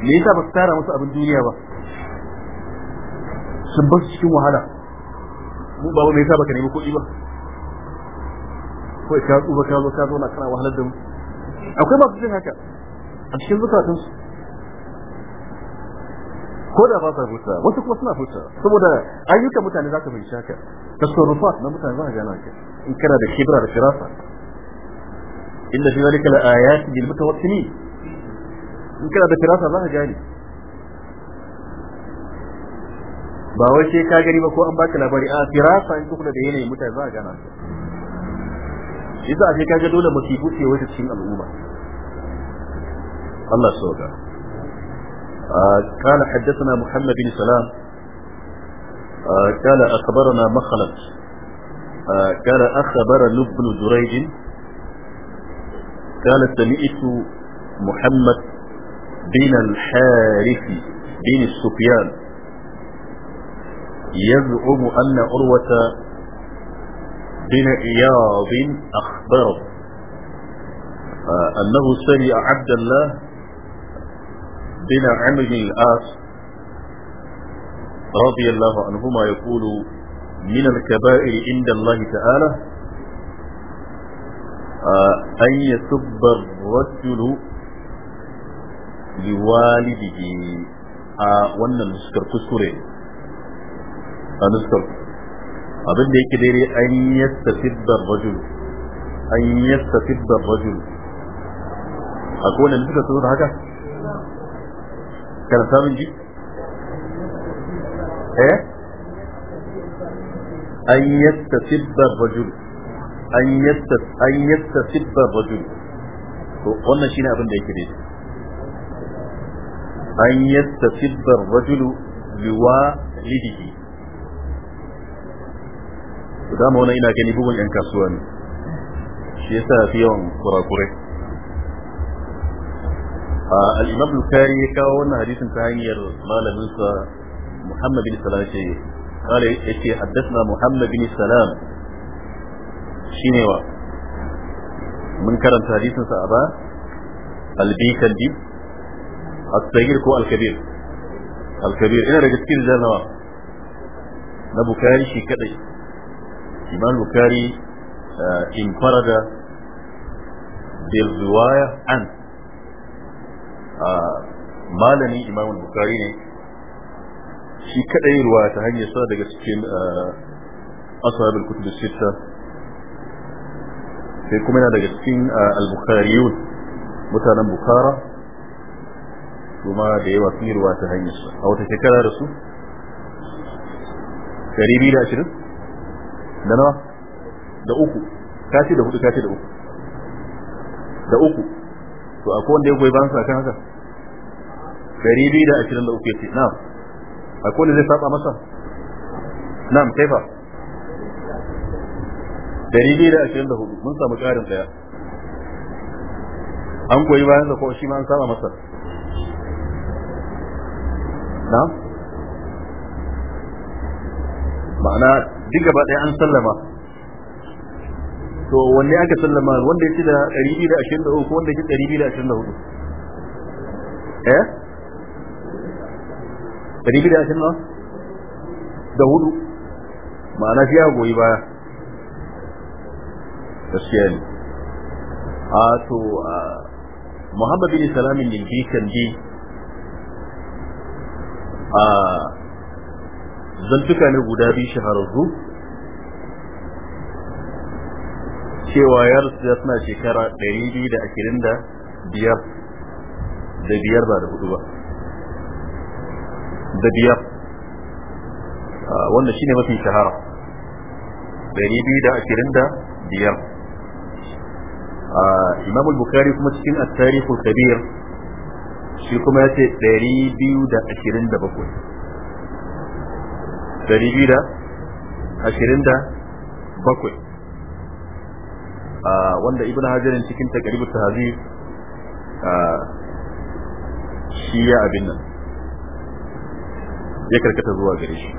me yasa ba su tara musu abin duniya ba sun ba su cikin wahala mu ba me yasa baka nemi kuɗi ba ko ka tsufa ka zo ka zo na kana wahalar da mu akwai masu jin haka a cikin zukatansu koda ba sa furta wasu kuma suna furta saboda ayyukan mutane za ka fahimci haka tasarrufat na mutane za ka gana ka in kana da kibra da shirafa inna fi zalika laayat lil mutawassimin in kana da firasa za ka gani ba wai sai ka gari ba ko an baka labari a shirafa in kuma da yanayin mutane za ka gana ka shi za a sai ka ga dole musibu ce wata cikin al'umma Allah sauka آه، قال حدثنا محمد بن سلام آه، قال أخبرنا مخلص آه، قال أخبر نبن دريد قال سمئت محمد بن الحارث بن سفيان يزعم أن عروة بن عياض أخبره أنه سمع عبد الله بن عمرو بن العاص رضي الله عنهما يقول من الكبائر عند الله تعالى أن يسب الرجل لوالده wannan nuskar kuskure a abin da yake daidai an yasta fiddar rajul an yasta fiddar rajul a kowane nuskar kuskure haka karanta samun ji eh an yattasibba rajul an yattas an yattasibba rajul to wannan shine abin da yake daidai an yattasibba rajulu liwalidihi to dama wannan ina gani bugun yan kasuwa ne shi yasa fi yawan kurakurai آه، الإمام ابن الكاري كان حديث ثاني مال موسى محمد بن سلام شيء قال إيش حدثنا محمد بن سلام شنو من كان حديث سأبا البيكن دي الصغير كو الكبير الكبير إنا رجعت كل ذا نوا نبو كاري شيء كذا إمام بكاري آه، انفرد بالرواية عنه malami imam bukari ne shi kadai ruwa ta hanyar sa daga cikin asabul kutub sita sai kuma yana daga cikin al-bukhariyun mutanen bukhara kuma da yawa sun ruwa ta hanyar sa a wata shekara da su 220 da nawa da uku kace da hudu kace da uku da uku to akwai wanda ya goyi bayan sa kan haka dari biyu da ashirin da uku ya ce na'am akwai wanda zai saba masa na'am kai fa dari biyu da ashirin da hudu mun samu ƙarin daya an koyi bayan da kuma shi ma an saba masa na'am ma'ana duk gaba ɗaya an sallama to wanne aka sallama wanda ya ci da 223 ko wanda ya ci 224 eh dari biyu da ashirin nawa da hudu ma'ana shi ya goyi baya gaskiya ne a to Muhammadu ne salamin yanki kan bi a zantuka ne guda biyu shahararru cewa ya rasu ya suna shekara 225 da biyar ba da hudu ba da biyar ah, wanda shine mafi shahara dari biyu da ashirin da biyar ah, imam al-bukhari kuma cikin at-tarikhul kabir shi kuma yace dari biyu da ashirin da bakwai dari biyu da ashirin da bakwai ah, wanda ibn hajarin cikin ta tahzib shi ya abin nan ya karkata zuwa gare shi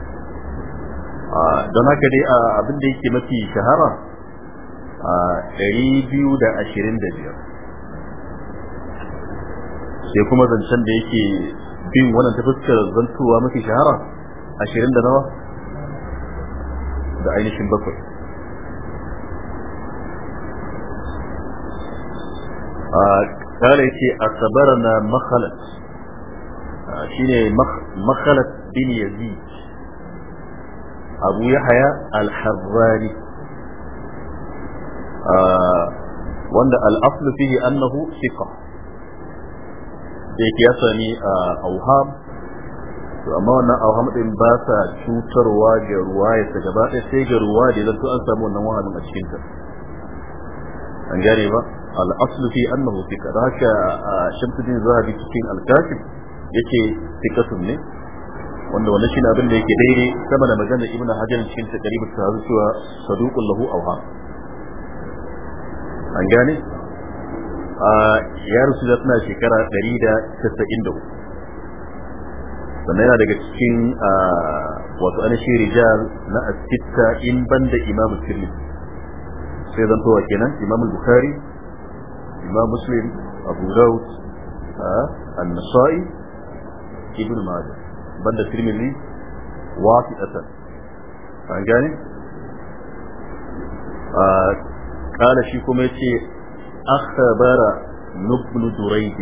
don haka dai abin da yake mafi shahara ɗari biyu da ashirin da biyar sai kuma zancen da yake bin wannan ta fuskar zantowa mafi shahara ashirin da nawa da ainihin bakwai kare ce a sabarana makhalat shine makhalat بن يزيد أبو يحيى الحراني آه، وأن الأصل فيه أنه ثقة ذيك يسني آه، أوهام وأما أنا أوهام إن باسا شوتر واجه رواية تجباء سيجر واجه لن تؤنسى من نواها من أشكينتا أن جاريبا الأصل فيه أنه ثقة ذاك آه، شمس الدين ذهبي تكين الكاتب يكي ثقة منه wanda wannan shine abin da yake daidai sama da maganar ibn hajar cikin taqrib at-tahaz cewa saduqul lahu awha an gane a ya rusu da tana shekara 194 sannan yana daga cikin a wato an shi rijal na as-sitta in banda imamu tirmidhi sai zan towa kenan imamu bukhari imam muslim abu daud an-nasa'i ibn majah banda tirmidhi wafi'atan an gane a kala shi kuma yace akhbara ibn durayd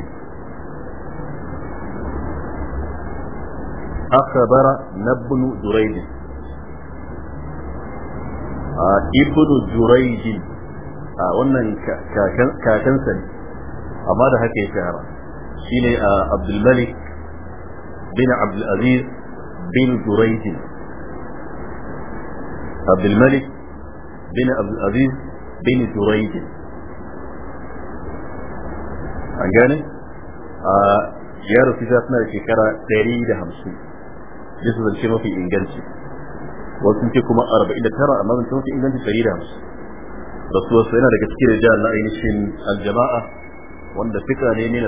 akhbara ibn durayd Ibnu durayd wannan kakansa ne amma da haka ya shahara shine abdul malik بن عبد العزيز بن جريج عبد الملك بن عبد العزيز بن جريج عن جانب جاره آه، في ذاتنا في كرة تريد همسون جسد الشنو في إنجلسي وكنت كما أربع إلا ترى أما من في إنجلسي تريد همسون رسول الله لك تكير جاء لأي نشين الجماعة وأن الفكرة لي من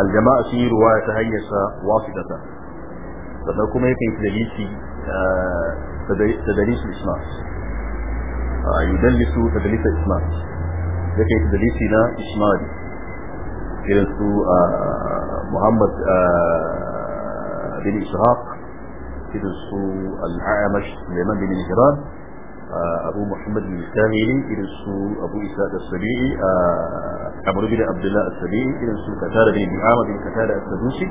aljama'a sun yi ruwaya ta hanyar sa wasidata sannan kuma yakan yi tadalisi tadalisi ismas yudallisu tadalisa ismas yakan yi tadalisi na ismali irin su muhammad bin ishaq irin su al'amash suleiman bin hijran abu muhammad bin tahiri irin su abu isa da sabi'i amru bin abdullah as-sabi'i irin su katara bin muhammad bin katara as-sadusi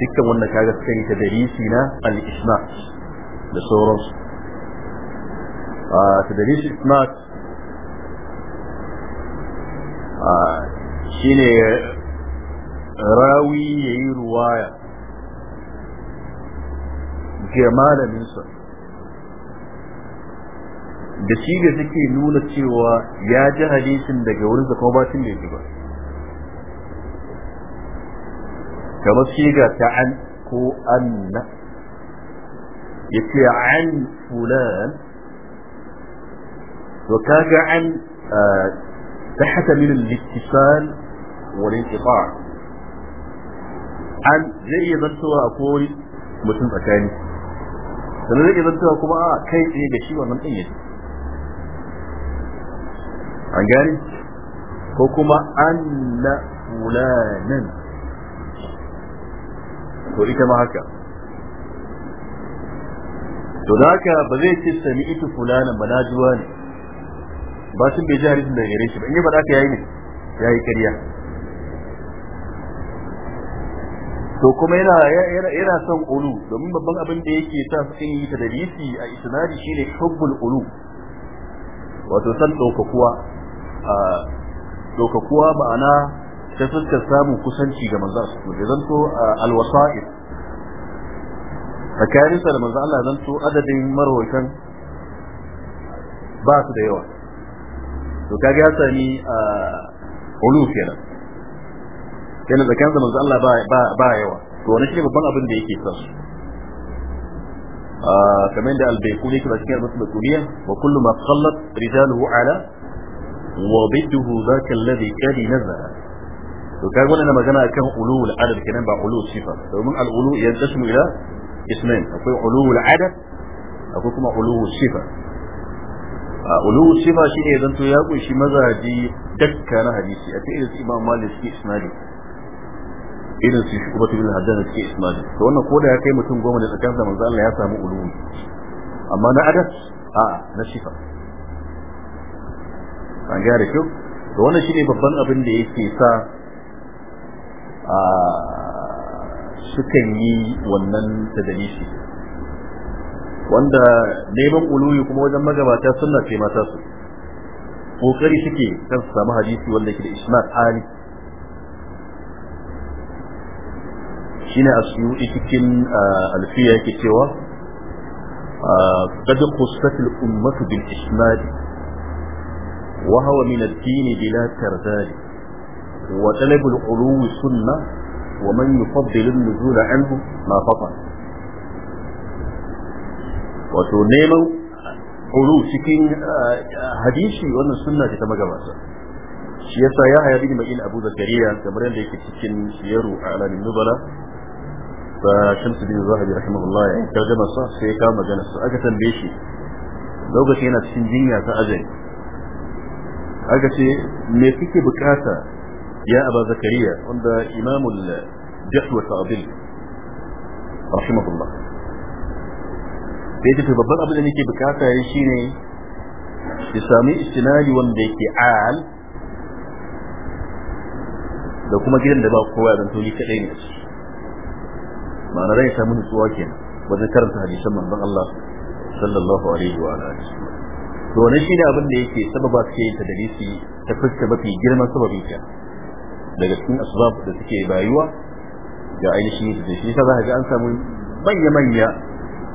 dukkan wannan kaga suka yi tadarisi na al-isma da sauransu tadarisi isma shine rawi yayi ruwaya ga malaminsa da shi ga suke nuna cewa ya ji hadisin daga wurin sa kuma bacin da ya ba kamar shi ga ta'an ko anna ya ce an fulan to kaga an تحت من الاتصال والانقطاع an zai iya zantowa a kori mutum tsakani sannan zai iya zantowa kuma a kai tsaye da shi wannan ɗin yake an gane ko kuma anna fulanin to ita ma haka to da haka ba zai ce sami ita fulanin ba na juwa ne ba sun bai ji hadisin da gare shi ba in yi ba za ka yayi ne yi ƙarya to kuma yana yana son ulu domin babban abin da yake sa su yi ta dalisi a isnadi shine hubbul ulu wato san ɗaukakuwa a ɗaukakuwa ma'ana ta fuskar samun kusanci ga manzo su ne zanto alwasa'il tsakaninsa da manzo Allah zan to adadin marwaitan ba su da yawa to kaga ya sami ulu kenan kenan da manzo Allah ba yawa to wani shi babban abin da yake sa su آه، كمان ده البيكوني كده كده بس بيكونيه وكل ما تخلط رجاله على وبده ذاك الذي كان نزل وكان قلنا لما جانا كان علو العدد كمان بقى علو الصفة لو من العلو ينقسم إلى اسمين أقول علو العدد أقول كما علو الصفة آه، علو الصفة شيء إذا أنتم يا أبو شيء مذا هدي دكا نهدي شيء أتي إذا إمام irin su shi kubatu bin haddana cikin ismail to wannan ko da ya kai mutum goma ne tsakanin da manzo Allah ya samu ulumi amma na adas a na shifa an gane shi to wannan shine babban abin da yake sa a sukan yi wannan tadalishi wanda neman ulumi kuma wajen magabata sunna ce mata su kokari suke kan su samu hadisi wanda yake da ismail ali shine asyuti cikin ah, alfiya yake cewa ah, qad qusat ummatu bil isnad wa min ad-din bila tardad wa talab al ulum sunnah wa man yufaddil an-nuzul anhu ma fata wato neman ulu cikin ah, hadisi wannan sunna ta magabata shi yasa ya haya bin abu zakariya kamar yadda yake cikin siyaru a فشمس الدين الظاهري رحمه الله يعني ترجمة صح سي كام جنس أجا تنبيشي لو قلت هنا تشين دنيا فأجل أجا شي ميكيك بكاتا يا أبا زكريا عند إمام الجحل والتعضل رحمه الله بيجي في ببال أبل أنيكي بكاتا يشيني يسامي استنالي ونديكي عال لو كما جدا دبا قوة أنتو لي كأيني ma'ana zai samu nutsuwa kenan wajen karanta hadisan manzon Allah sallallahu alaihi wa alihi to shi shine abin da yake sababa suke ta tadalisi ta fuska mafi girma sababin ta daga cikin asbab da suke bayuwa ga ainihin da shi ta zaka ga an samu manya manya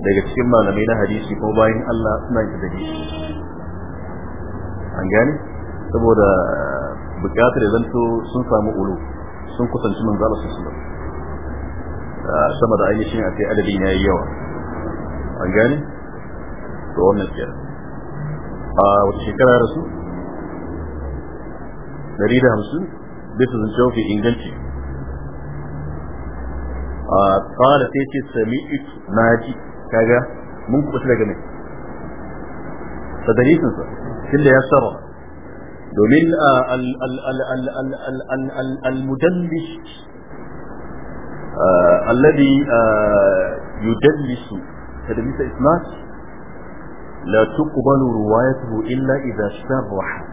daga cikin malamai na hadisi ko bayan Allah suna yin tadalisi an gane saboda eh, bukatar zanto sun samu ulu sun kusanci manzo Allah sallallahu alaihi sama da ainihin a ce adadin ne yi yawa an gane to wannan ce a wata shekara rasu 150 bisa zance mafi inganci a tsara sai ce sami it na ji kaga mun kusa daga mai sadarisinsa tunda ya saba domin al mudallish آه، الذي آه، يدلس تدليس إسناد لا تقبل روايته إلا إذا شرح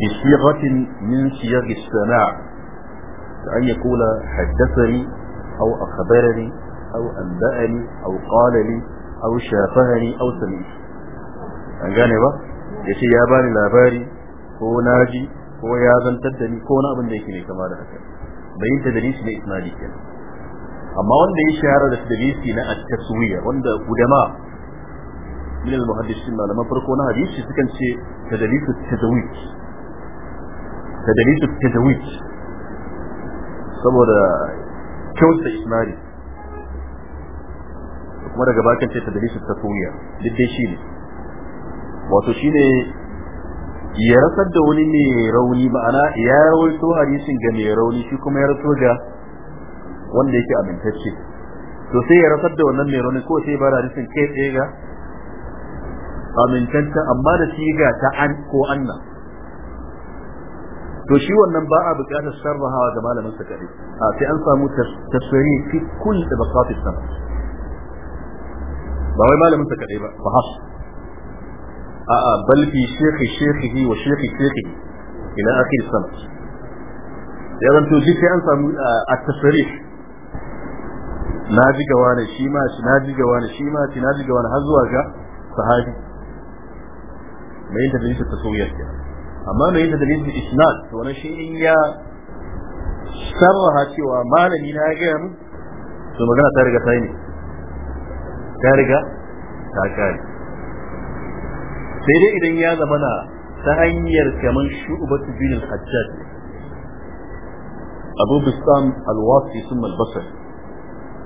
بصيغة من صيغ السماع كأن يقول حدثني أو أخبرني أو أنبأني أو قال لي أو شافهني أو سمعت أن gane ba يشي يا باري لا باري هو ناجي هو يا زن تدني كون أبن wani كما ذكر bai tadrisi na isnadi kenan amma wanda ya shahara da tadrisi na at-taswiya wanda ulama min al-muhaddisin malaman farko na hadisi sukan ce tadrisu tadwij tadrisu tadwij saboda kyauta isnadi kuma daga bakin ce tadrisu taswiya duk dai shi ne wato shine ya rasar da wani mai rauni ma'ana ya rawaito hadisin ga mai rauni shi kuma ya raso ga wanda yake amintacce to sai ya rasar da wannan mai rauni ko sai ba hadisin kai tsaye ga amintacce amma da shi ga ta an ko anna to shi wannan ba a buƙatar sarrahawa ga malamin sa kadai a sai an samu tasiri fi kulli tabaqatis sama ba wai malamin sa kadai ba fa hasu a'a bal fi shekhi shekhihi wa shekhi shekhihi ila akhir sama ya zanto ji sai an samu a tasarif na ji gawa ne shi ma shi na ji gawa ne shi ma shi na ji gawa ne har zuwa ga sahabi mai yadda dalilin ta soyayyar kenan amma mai yadda dalilin isnad to wannan shi in ya sarraha cewa malami na ya gaya mu to magana ta riga ta yi ne ta riga ta kare sai dai idan ya zama na ta hanyar kamar shu'ubatu bin al-hajjaj abu bisam al-wasi sun malbasar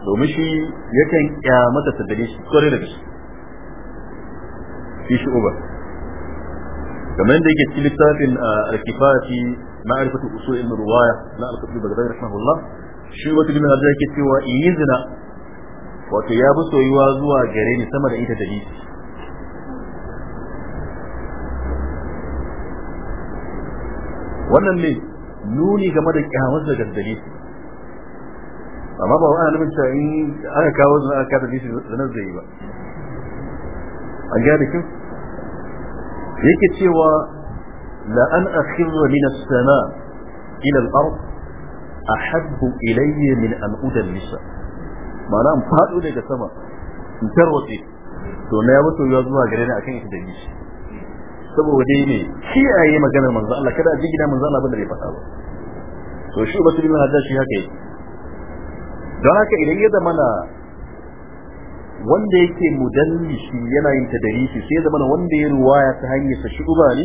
domin shi yakan kyamata ta gare shi kwarai da gaske shi shu'uba kamar da yake cikin littafin al na ma'rifatu usul ilmi ruwaya na al-qadi bagdadi rahimahullah shi wata bin hajjaj yake cewa in yi zina wato ya bi soyuwa zuwa gare ni sama da ita da ni wannan ne nuni game da kyamar da daddare amma ba wani nufin cewa in aka kawo zuwa aka kada da zanar zai ba an gaya da kyau yake cewa la an akhirra min as-sama ila al-ard ahabbu ilayya min an udallisa ma'ana an fado daga sama in tarwace to na ya mutu ya zuwa gare ni akan ita da shi saboda ne kiyaye maganar manzo Allah kada a jigina manzo Allah bane bai faɗa ba to shi ba tilin hada shi haka yake don haka idan ya zama na wanda yake mudallishi yana yin tadalisi sai zama na wanda ya ruwaya ta hanyar sa shuba ne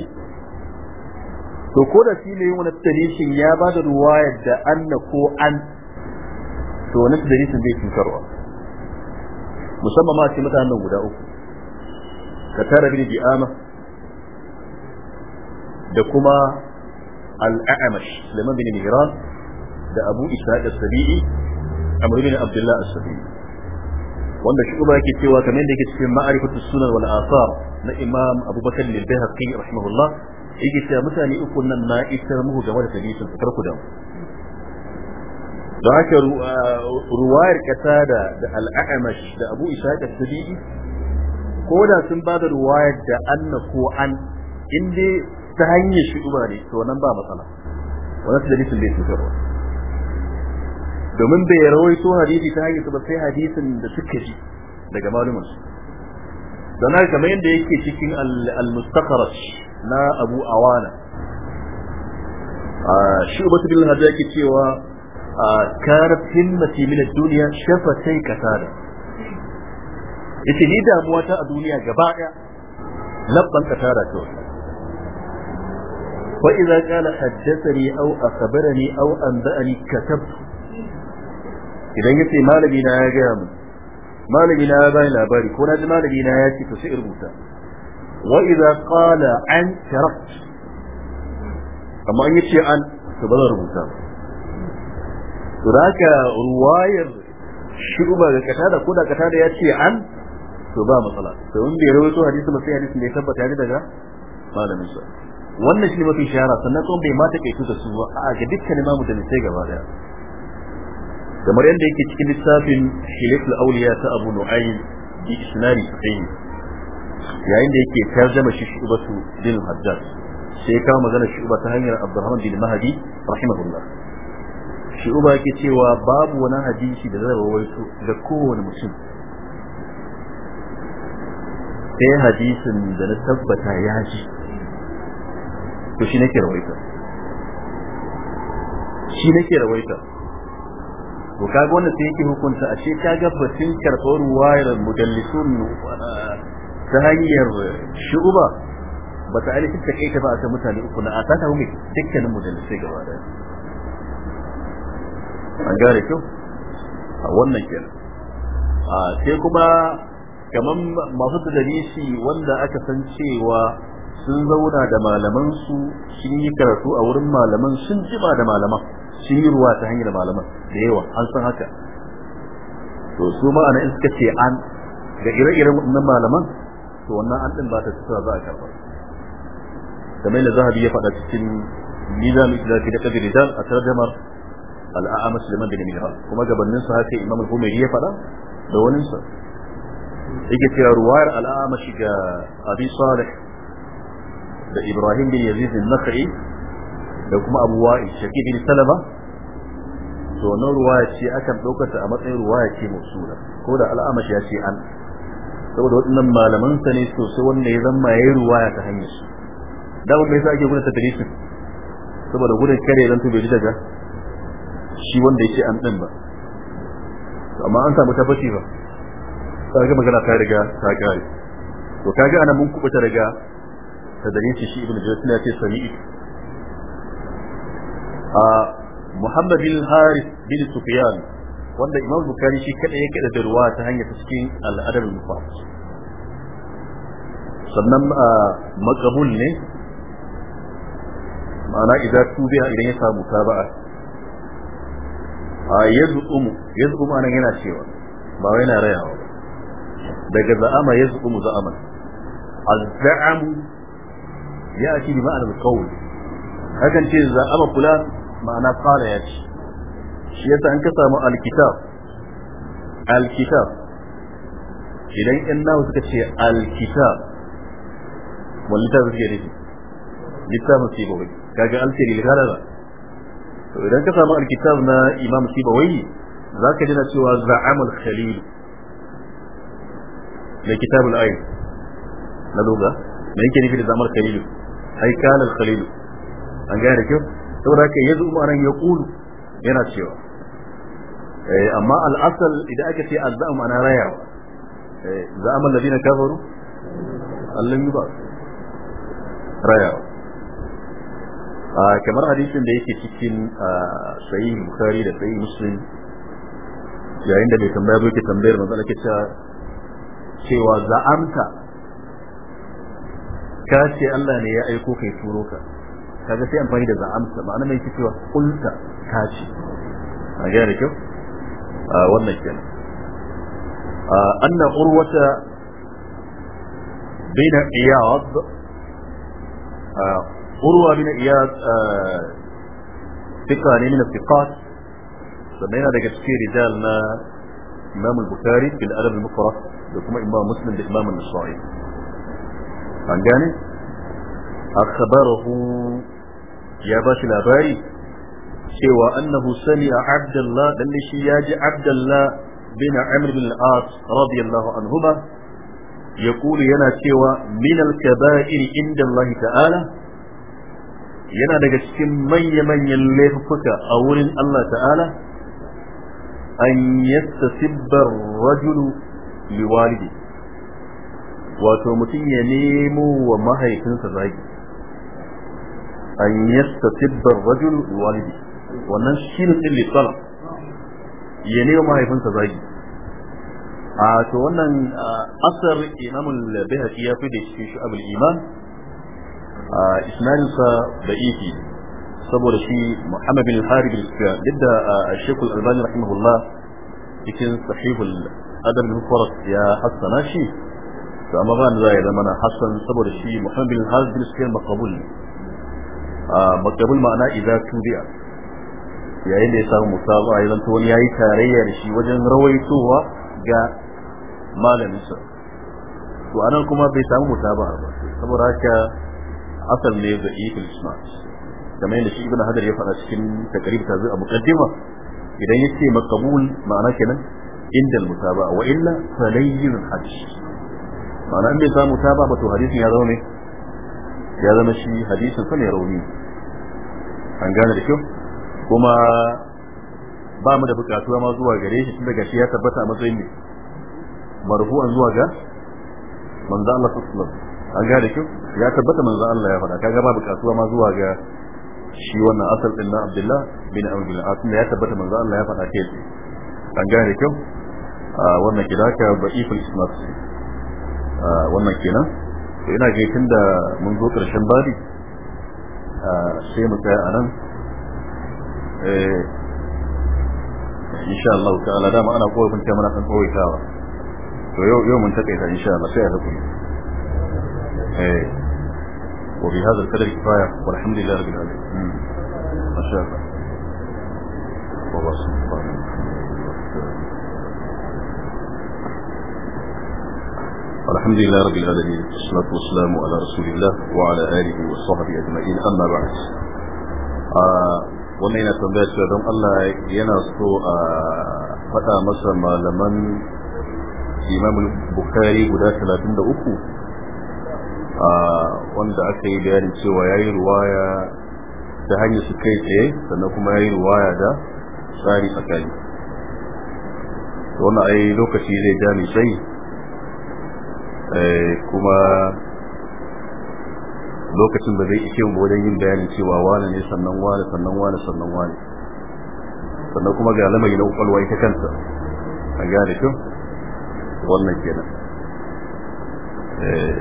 to ko da shi ne yin wani tadalisin ya ba da ruwayar da anna ko an to wani tadalisin zai cutarwa musamman ma a ce mutanen guda uku ka tara bin ji'ama da kuma al-a'mash da mabin mihran da abu ishaq as-sabi'i amr ibn abdullah as-sabi'i wanda shi kuma yake cewa kamar da yake cikin ma'rifatus sunan wal athar na imam abubakar al-bayhaqi rahimahullah yake cewa mutane uku nan na isar muku game da sun fitar ku da da haka ruwayar kasada da al-a'mash da abu ishaq as-sabi'i ko da sun ba da ruwayar da anna ko an in dai ta hanyar shi umar ne to nan ba matsala wannan hadisin bai cutarwa domin bai rawaito hadisi ta hanyar ba sai hadisin da suka ji daga malumin su don haka kamar yadda yake cikin al-mustaqarrat na Abu Awana shi ubatu bil hajji yake cewa karat himmati min ad-dunya shafatai kasada yace ni damuwa ta a duniya gaba daya labban kasada kawai وإذا قال حدثني أو أخبرني أو أنبأني كتبت idan ya malami na ya gaya mu malami na ya bani labari ko na ji malami na ya ce to sai rubuta wa idza an tarakt amma an yace an to ba zan rubuta to haka ruwayar shuba ga ko da ya ce an ba matsala ya hadisi ba sai daga malamin wannan shine mafi shahara sannan kuma bai mata kai da su ba a ga dukkanin mamu da sai gaba daya kamar yadda yake cikin littafin Hilaful Awliya ta Abu Nu'aym bi isnadi sahih yayin da yake tarjama shi shubatu bin Hajjaj sai ya kawo magana shuba ta hanyar Abdurrahman bin Mahdi rahimahullah shuba yake cewa babu wani hadisi da zai rawaito da kowane mutum sai hadisin da na tabbata ya ji to shi nake rawaita shi nake rawaita to kaga wannan sai yake hukunta a ce kaga batun karɓar wayar mudallisun ah, ta hanyar shu'uba ba ta ainihin ta kai ta ba a san mutane uku na a ta tafi mai dukkanin mudallisai gaba daya an gane kyau a wannan kenan ah, sai kuma kamar masu shi wanda aka san cewa sun zauna da malamansu sun yi karatu a wurin malaman sun jima da malaman sun yi ruwa ta hanyar malaman da yawa an san haka to su ma'ana in suka ce an ga ire-iren wannan malaman to wannan an din ba ta tsara za a karba kamar da zahabi ya faɗa cikin nizam islami da kadir rijal a tarjamar al'a'ama suleiman daga mihra kuma gabanin sa haka imam al-humayri ya faɗa da wani sa yake cewa ruwayar al'a'ama shiga abi salih da Ibrahim bin Yazid al-Nakhai da kuma Abu Wa'il Shaqi bin Salama to wannan ruwaya ce akan dauka ta a matsayin ruwaya ce musula ko da al'amash ya ce an saboda waɗannan malaman sa ne sosai wanda ya zama yayi ruwaya ta hanyar su da wanda ya yasa ake gudun tadrisin saboda gudun kare zan to bai daga shi wanda ya ce an din ba amma an samu tabbaci ba kaga magana ta riga ta kare to kaga anan mun kubuta daga tadrisi shi ibnu jarir ce sami'i a muhammad bin haris bin sufyan wanda imam bukhari shi kadai ya kada da ruwa ta hanyar cikin al'adar mufas sannan makabul ne ma'ana idan tubiya idan ya samu taba'a a yazqumu yazqumu anan yana cewa ba wai yana rayawa daga za'ama yazqumu za'aman az-za'amu ياتي بمعنى القول هكذا شيء اذا ابى فلان معنى قال ياتي شيء ان كتب الكتاب الكتاب إذن إنه تكشي الكتاب والكتاب تكشي ريسي كتاب سيبوي كاكا ألتري لغالة إذن كتاب الكتاب نا إمام سيبوي ذاك جنا سوى زعم الخليل لكتاب الآية نلوغا ما يمكن في زعم الخليل ai kana khalil an ga da kyau saboda haka yazu ma'anar ya kulu yana cewa amma al-asal idan aka ce azzam ana za za'ama ladina kafaru allan yuba a kamar hadisin da yake cikin sahih bukhari da sahih muslim yayin da bai tambaya ba yake tambayar manzo Allah cewa za'amta kace Allah ne ya aiko kai turo ka kaga sai amfani da za'amsa ba annabi yake cewa kulta kace a ga rike a wannan kenan anna urwata bina iyad urwa bina iyad fika ne min fiqat sannan yana daga cikin rijal na imam al-bukhari bil adab al-mufrad da kuma imam muslim da imam an-nasa'i an gane akhbarahu ya ba shi labari cewa annahu sami'a abdullah dan shi ya ji abdullah bin amr bin al-as radiyallahu anhuma yaqulu yana cewa min al-kaba'ir inda Allah ta'ala yana daga cikin manya-manyan laifuka a wurin Allah ta'ala an yastasibba rajulu liwalidi wato mutum ya nemo wa mahaifinsa zagi an yastatibba rajul walidi wannan shi ne illi talab ya nemo mahaifinsa zagi a to wannan asar imamul bihaqi ya fi da shi abul iman a isnadinsa da ifi saboda shi Muhammad bin Harib al-Sufyan didda da Sheikh Al-Albani rahimahullah cikin sahihul adab al-Mufrad ya hassana shi to amma ba da za ya zama na Hassan saboda shi muhammad bin hazm bin sufyan makabul makabul ma'ana idza tubi'a yayin da ya samu musaba ya zanto wani yayi tarayya da shi wajen rawaitowa ga malamin sa to anan kuma bai samu musaba ba saboda haka asal ne da ifil isnad kamar yadda shi ibn hadar ya fara cikin takrib tazu a muqaddima idan yace makabul ma'ana kenan inda al-musaba wa illa falayyin hadith ma'ana bai samu ta ba to hadisin ya zama ne ya zama shi hadisin sa ne rauni an gane da kyau kuma ba mu da bukatuwa ma zuwa gare shi tun daga shi ya tabbata a matsayin ne marfu'an zuwa ga manzo Allah sallallahu an gane da kyau ya tabbata manzo Allah ya faɗa kaga ba bukatuwa ma zuwa ga shi wannan asal din na Abdullah bin Abdul Asim ya tabbata manzo Allah ya faɗa kai an gane da kyau wannan kidaka ba'iful isnad wannan kenan to ina ga tun da mun zo karshen bari sai mu tsaya anan eh insha Allah ta'ala dama ana korafin ce muna kan tsawaitawa to yau yau mun take ta insha Allah sai a hukumi eh wa bi hadha al kifaya walhamdulillah rabbil alamin ma sha Allah wa wasu الحمد لله رب العالمين والصلاة والسلام على رسول الله وعلى آله وصحبه أجمعين أما بعد wannan yana tambaya cewa don Allah yana so a faɗa masa malaman imamul bukari guda uku ah, wanda aka yi bayanin cewa ya yi ruwaya ta hanyar su kai tsaye sannan kuma ya yi ruwaya da tsari tsakani wannan ai lokaci zai ja tsayi Eh, kuma lokacin da zai ishe mu wajen yin bayanin cewa wane ne sannan wane sannan wane sannan wane sannan kuma ga lamari na kwakwalwa ita kanta a gane shi wannan kenan eh,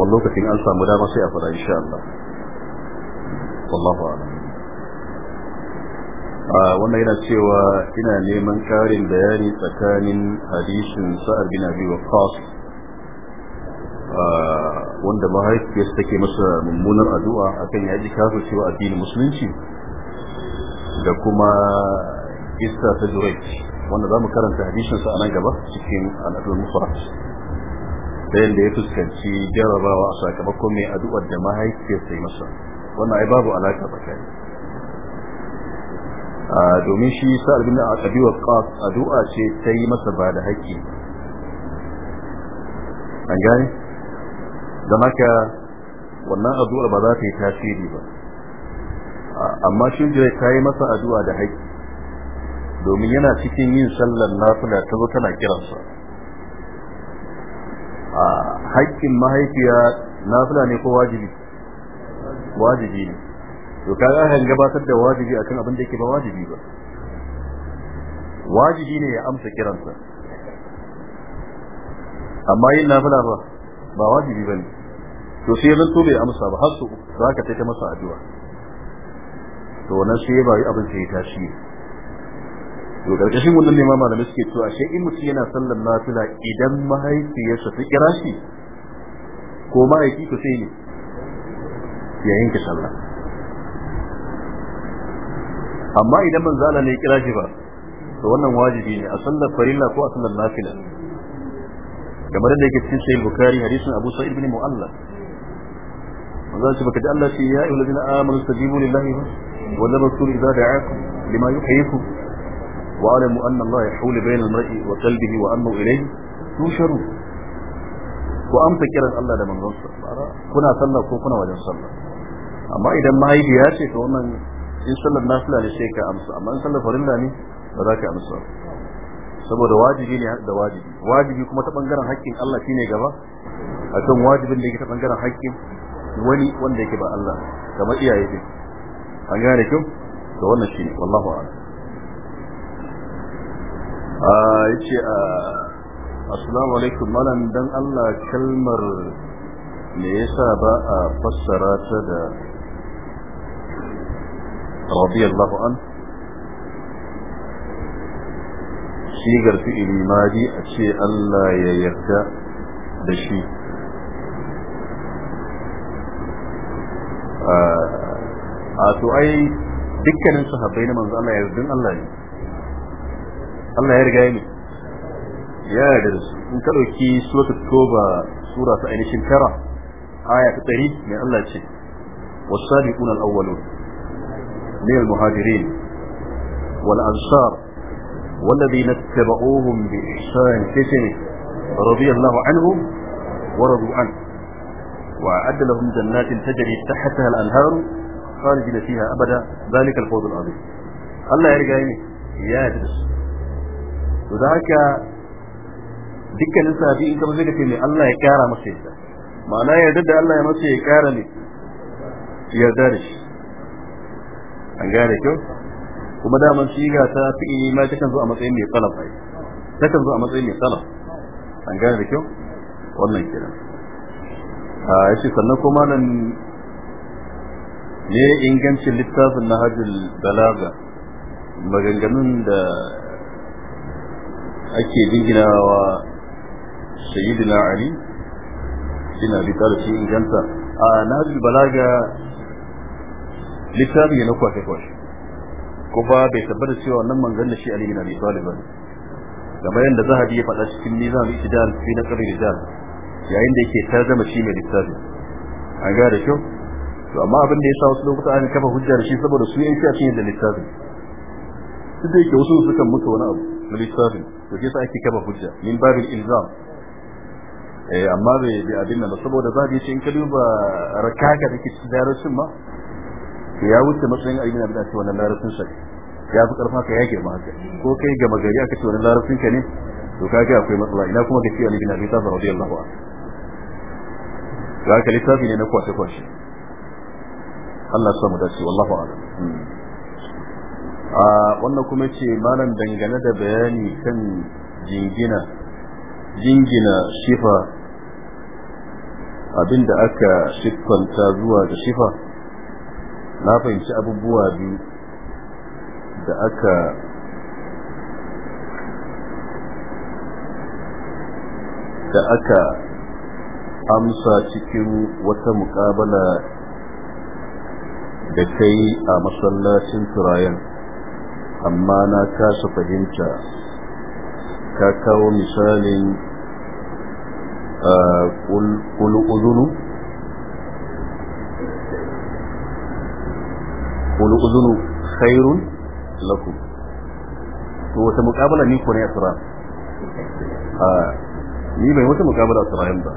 wani lokacin an samu dama sai a fara insha Allah wallahu a wannan yana cewa ina neman karin bayani tsakanin hadisin sa'ar bin abi waqqas wanda mahaifiyarsa take masa mummunar addu'a akan ya ji kasu cewa addinin musulunci da kuma isa ta jurej wanda za mu karanta hadisinsa a nan gaba cikin al'adun mufarat ta yadda ya fuskanci jarabawa a sakamakon mai addu'ar da mahaifiyarsa yi masa wannan ai babu alaƙa tsakani domin shi sa sa'ad bin abi waqqas addu'a ce ta yi masa ba da haƙƙi an gane don haka wannan addu'a ba za ta yi tasiri ba amma shi jirai ta yi masa addu'a da haƙƙi domin yana cikin yin sallar nafila ta zo tana kiransa a haƙƙin mahaifiya nafila ne ko wajibi wajibi ne to yi an gabatar da wajibi akan abin da yake ba wajibi ba wajibi ne ya amsa kiransa amma yin nafila ba ba wajibi ne. to sai zan to bai amsa ba har su za ka ta masa addu'a to wannan sai ba abin sai ya tashi to karkashin wannan ne ma malamai suke cewa shi in mutum yana sallar nafila idan mahaifiyarsa ta kira shi ko mahaifi to sai ne ya yanke sallah amma idan manzala ne kira shi ba to wannan wajibi ne a sallar farilla ko a sallar nafila kamar da yake cikin sahih bukhari hadisin abu sa'id ibn mu'alla za su baka ji Allah ce ya ayyuhal ladina amanu stajibu lillahi wa lir rasul ya da'akum lima yuhyikum wa alamu anna Allah yahulu bayna al-mar'i wa qalbihi wa annahu ilayhi tusharu ku amsa kiran Allah da manzon sa kuna sallah ko kuna wajen sallah amma idan mahaifi ya ce to wannan in sallar nafila ne sai ka amsa amma in sallar farilla ne ba za ka amsa saboda wajibi ne da wajibi wajibi kuma ta bangaren haƙƙin Allah shine gaba akan wajibin da yake ta bangaren haƙƙin wani wanda yake ba Allah kamar iyaye din an gane kyau to wannan shine wallahu a'lam a ah, yace ah, assalamu alaikum malam dan Allah kalmar me yasa ba a fassara ta da radiyallahu an shigar fi'ili madi a ce Allah ya yarda da shi a ah, ah, to ai dukkanin sahabbai na manzo Allah yardin Allah ne Allah ya riga ni ya yarda da su in ka dauki suratul toba sura ta ainihin kara aya ta 100 ne Allah ce والسابقون الأولون من المهاجرين والأنصار والذين اتبعوهم بإحسان كسنه رضي الله عنهم ورضوا عنه وأعد لهم جنات تجري تحتها الأنهار خارجين فيها أبدا ذلك الفوز العظيم الله يرجع يا يادرس وذاك ديك الانسا دي انت مزيك تيلي الله يكارا مسيح ما لا يدد الله يمسيح يكارا لي يا دارش انقاري كو وما دا من شيئا تاتي ما تكن ذو امت امي طلب تكن ذو امت امي طلب انقاري كو والله يكارا a yace sannan kuma nan ne ingancin littafin na hajjul balaga maganganun da ake jinginawa sayyidina ali ina bi tarihi inganta a na hajjul balaga littafi na kwashe-kwashe kwafe kuma bai tabbata cewa wannan manzon da shi ali bin abi talib ba kamar yadda zahabi ya faɗa cikin nizam ijtihad fi naqri rijal yayin da yake zama shi mai littafi an ga da kyau to amma abin da ya sa wasu lokuta an kafa hujjar shi saboda su yan shi a da littafi duk da yake wasu sukan mutu wani abu na littafin to ke sa ake kafa hujja min babin ilzam eh amma bai bi abin nan saboda za ji in ka duba rakaka da ke cikin darasin ma ya wuce matsayin ayyukan abin da ake wannan darasin sa ya fi karfa ka ya girma haka ko kai gama gari aka ce wannan darasin ka ne to kaga akwai matsala ina kuma ga shi Ali bin Abi Talib radiyallahu anhu to haka littafi ne na kwace kwace Allah ya samu dace wallahu a'lam a wannan kuma ce malam dangane da bayani kan jingina jingina shifa abinda aka siffanta zuwa ga shifa na fahimci abubuwa biyu da aka da aka amsa cikin wata mukabala da ta yi a masallacin turayen amma na kasa fahimta ka kawo misalin ƙul'uzunu khairun lakum to wata mukabala ni ko ne a turayen ni bai wata mukabala a turayen ba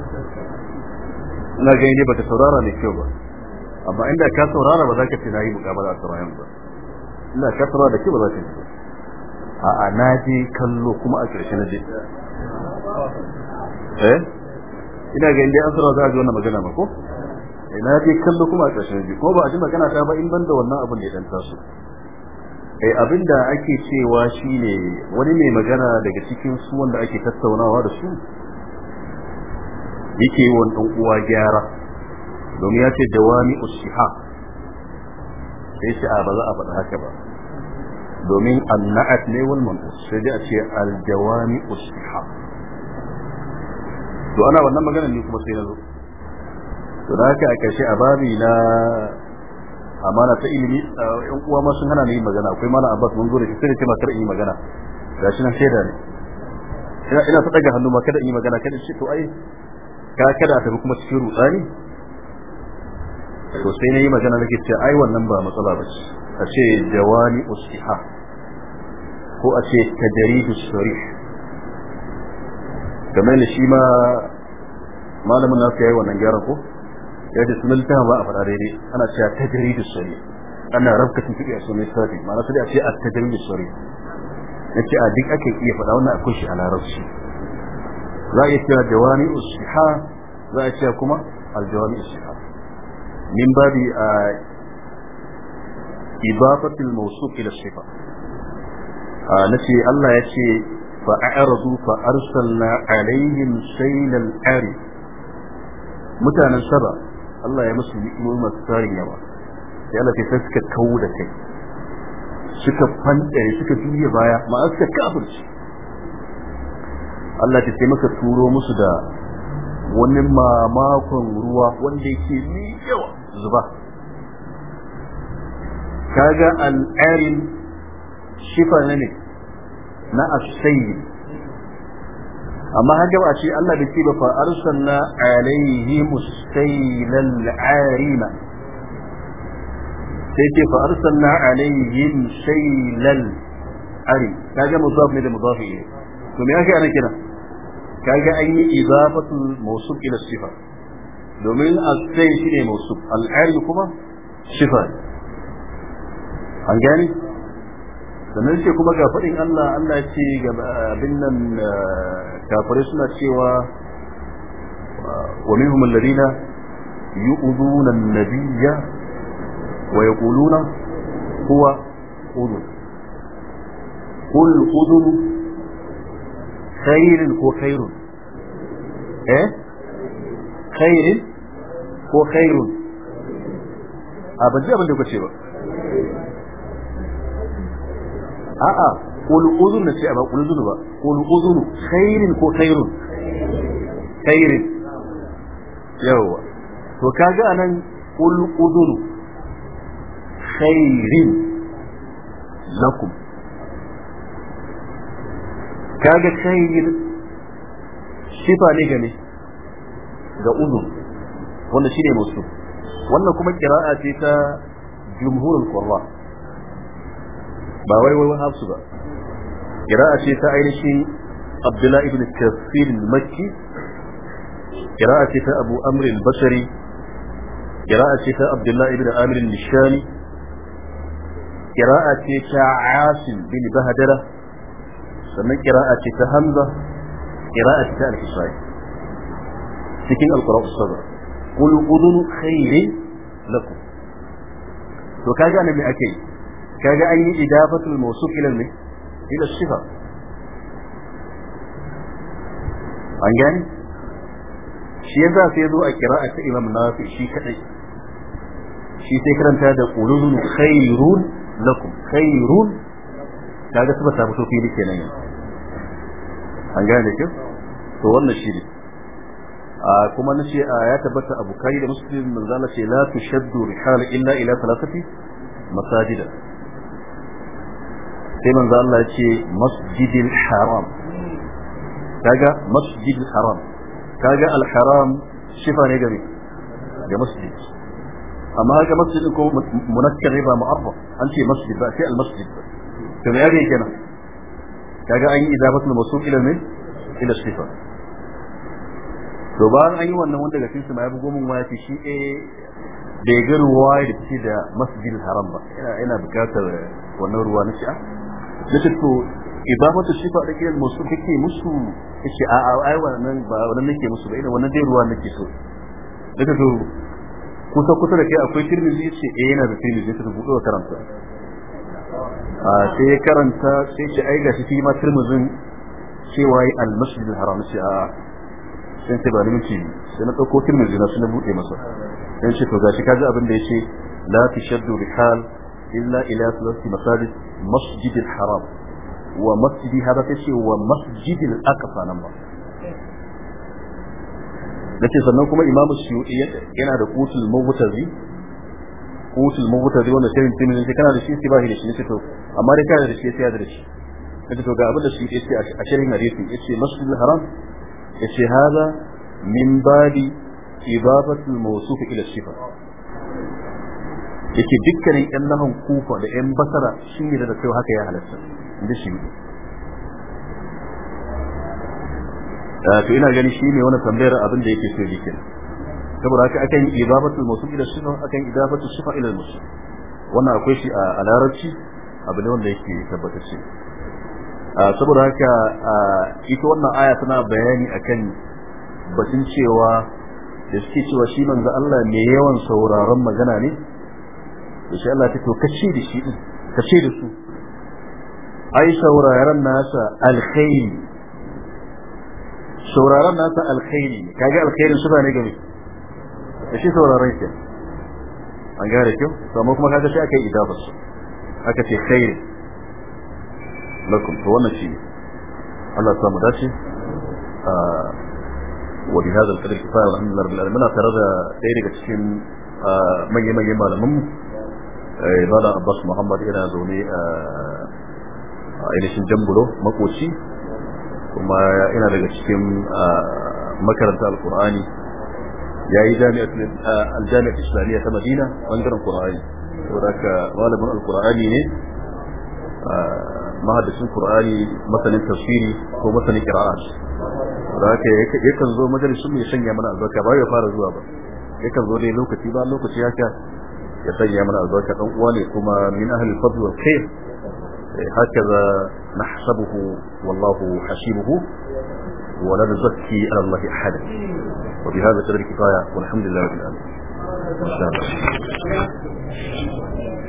ina ga ne baka saurara ne kyau ba amma inda ka saurara ba za ka ce na yi mukabala a saurayen ba ina ka saurara da kyau ba za ka ce a a na je kallo kuma a ƙarshe na je eh ina ga inda an saurara za a ji wannan magana ba ko ina eh, je kallo kuma a ƙarshe na je ko ba a ji magana ta ba in ban da wannan abin da ya dan taso eh da ake cewa shine wani mai magana daga cikin su wanda ake tattaunawa da su yake yi wa ɗan uwa gyara domin ya ce da wani ushiha sai shi a ba za a faɗa haka ba domin anna'at ne wal manqus sai dai a ce al dawami ushiha to ana wannan magana ne kuma sai na zo to da haka a kashe a babi na amana ta ilimi ɗan uwa ma sun hana ni magana akwai mana abbas mun zo da shi sai ce makar yi magana gashi nan shaida ne ina ina ta daga hannu ma kada in yi magana kada shi to ai ka kada ta kuma cikin rutsani to sai nayi magana nake cewa ai wannan ba matsala bace a ce jawani usiha ko a ce tajridu sharih kamar ne shi ma malamin nasu yayi wannan gyara ko ya da sunan ta ba a fara daidai ana cewa tajridu sharih ana rabka tuntuɓe a sunan sharih ma'ana sai a ce at-tajridu sharih nace a duk ake iya faɗa wannan akwai shi a larabci za a iya cewa jawami usiha za a cewa kuma aljawami usiha min babi a ibafatul mawsuq ila sifa nace Allah ya ce fa a'radu fa arsalna alaihim saylal ari mutanen saba Allah ya musu ni'imomi masu tarin yawa sai Allah ya suka kawo da kai suka fantare suka iya baya ma suka kafirci Allah ta sai maka turo musu da wani mamakon ruwa wanda yake ni yawa zuba kaga al'arin shifa ne na asayi amma haka ba a ce Allah da ce ba fa arsalna alaihi musailal arima sai ce fa arsalna alaihim sailal ari kaga mudaf ne da mudaf ilayhi to me aka ana kira kaga an yi idafatul mawsuf ila sifa domin al-sai shine mawsuf al kuma sifa an gani sannan ce kuma ga faɗin Allah Allah ce ga abin nan eh, kafirai suna cewa wa minhum alladhina yu'dhuna an-nabiyya wa yaquluna huwa udhun qul udhun khairin ko khairun eh khairin ko khairun a ban ji abin da kuka ce ba a'a qul uzun ce ba kulu uzun ba qul uzun khairin ko khairun khairin yawa to kaga anan kulu uzun khairin lakum kaga shahid shifa ne ga ne ga uzun wanda shi ne musu wannan kuma kira'a ce ta jumhurul qurra ba wai wai hafsu ba kira'a ce ta ainihin abdullahi ibn kasir al-makki kira'a ce ta abu amr al-basri kira'a ce ta abdullahi ibn amir al-nishani kira'a ce ta asim bin bahadara سمي قراءة تهمضة قراءة تالك الصيف سكين القراء الصدر قل أذن خير لكم وكاجا أنا من أكيد كاجا أني إدافة الموصوف إلى المه إلى الصفة عنجان شيئا سيدو أكراءة إمام نافع شي كأي شي تكرم هذا قل أذن خير لكم خيرون kaga su ba ta fito fili kenan an gane ki to wannan shi ne a kuma nace ya tabbata abu kai da muslim manzo Allah ce la tushaddu rihal illa ila thalathati masajida sai manzo Allah ya ce masjidil haram kaga masjidil haram kaga al haram shifa ne gare ga masjid amma ga masjid ko munakkar ba mu'arraf an ce masjid ba sai al masjid ba to me yake kenan kaga an yi idafatu masu ila ne ila sifa to ba an yi wannan wanda ga cikin ma ya bugo min waya shi eh bai ga ruwa da take da masjidil haram ba ina ina bukatar wannan ruwa na shi'a nace to idafatu sifa da ke masu kake musu shi a a ai wannan ba wannan nake musu ba ina wannan dai ruwa nake so daga to kusa kusa da kai akwai tirmizi ce eh yana da tirmizi ta rubuta karanta sai ya karanta sai ce ai gashi shi ma turmuzin cewa yi almasjid haram sai a sai ta bari miki sai na dauko turmuzi na suna bude masa sai ce to gashi kaji abin da ya yace la tashaddu rihal illa ila thalath masajid masjid haram wa masjidi hada ta ce wa masjid al-aqsa nan ba nace sannan kuma imamu suyuti yana da qutul mawtazi utul mubtadi wanda sai tin ne kana da shi sai ba shi da shi ne to amma dai kana da shi sai ya da shi kace to ga abin da shi yace a shirin hadisi yace masjidul haram yace hada min badi ibabatul mawsuf ila shifa yace dukkanin yan nahon kufa da yan basara shi ne da cewa haka ya halatta inda shi ta ina gani shi ne wannan tambayar abin da yake so jikin saboda haka akan ibabatul mawsuf ila sunna akan ibabatul sifa ila al wannan akwai shi a larabci abu ne wanda yake tabbatar shi saboda haka ita wannan aya tana bayani akan batun cewa da suke cewa shi manzo Allah mai yawan sauraron magana ne to Allah ta to kace da shi din kace da su ai sauraron nasa alkhairi sauraron nasa alkhairi kaga alkhairin suna ne game da shi sauraron ke an kyau amma kuma kaga aka idabar su aka ce khairin lakum to wannan shi Allah dace wa bi hadha al-qadr kifaya alamin da ɗaya daga cikin manyan manyan malaman ibada eh, Abbas Muhammad yana zaune a ainihin jambulo makoci kuma yana daga cikin makaranta alkur'ani yayi jami'atul aljami'a islamiyya ta Madina bangaren Qur'ani saboda haka malamin alqur'ani ne mahaddisin Qur'ani masanin tafsiri ko masanin qira'a saboda haka yakan zo majalisin ya sanya mana albarka ba ya fara zuwa ba yakan zo dai lokaci ba lokaci haka ya sanya mana albarka dan uwa ne kuma min ahli fadl wal khair hakaza nahsabuhu wallahu hasibuhu ولا نزكي على الله أحدا وبهذا قدر كفاية والحمد لله رب العالمين إن شاء الله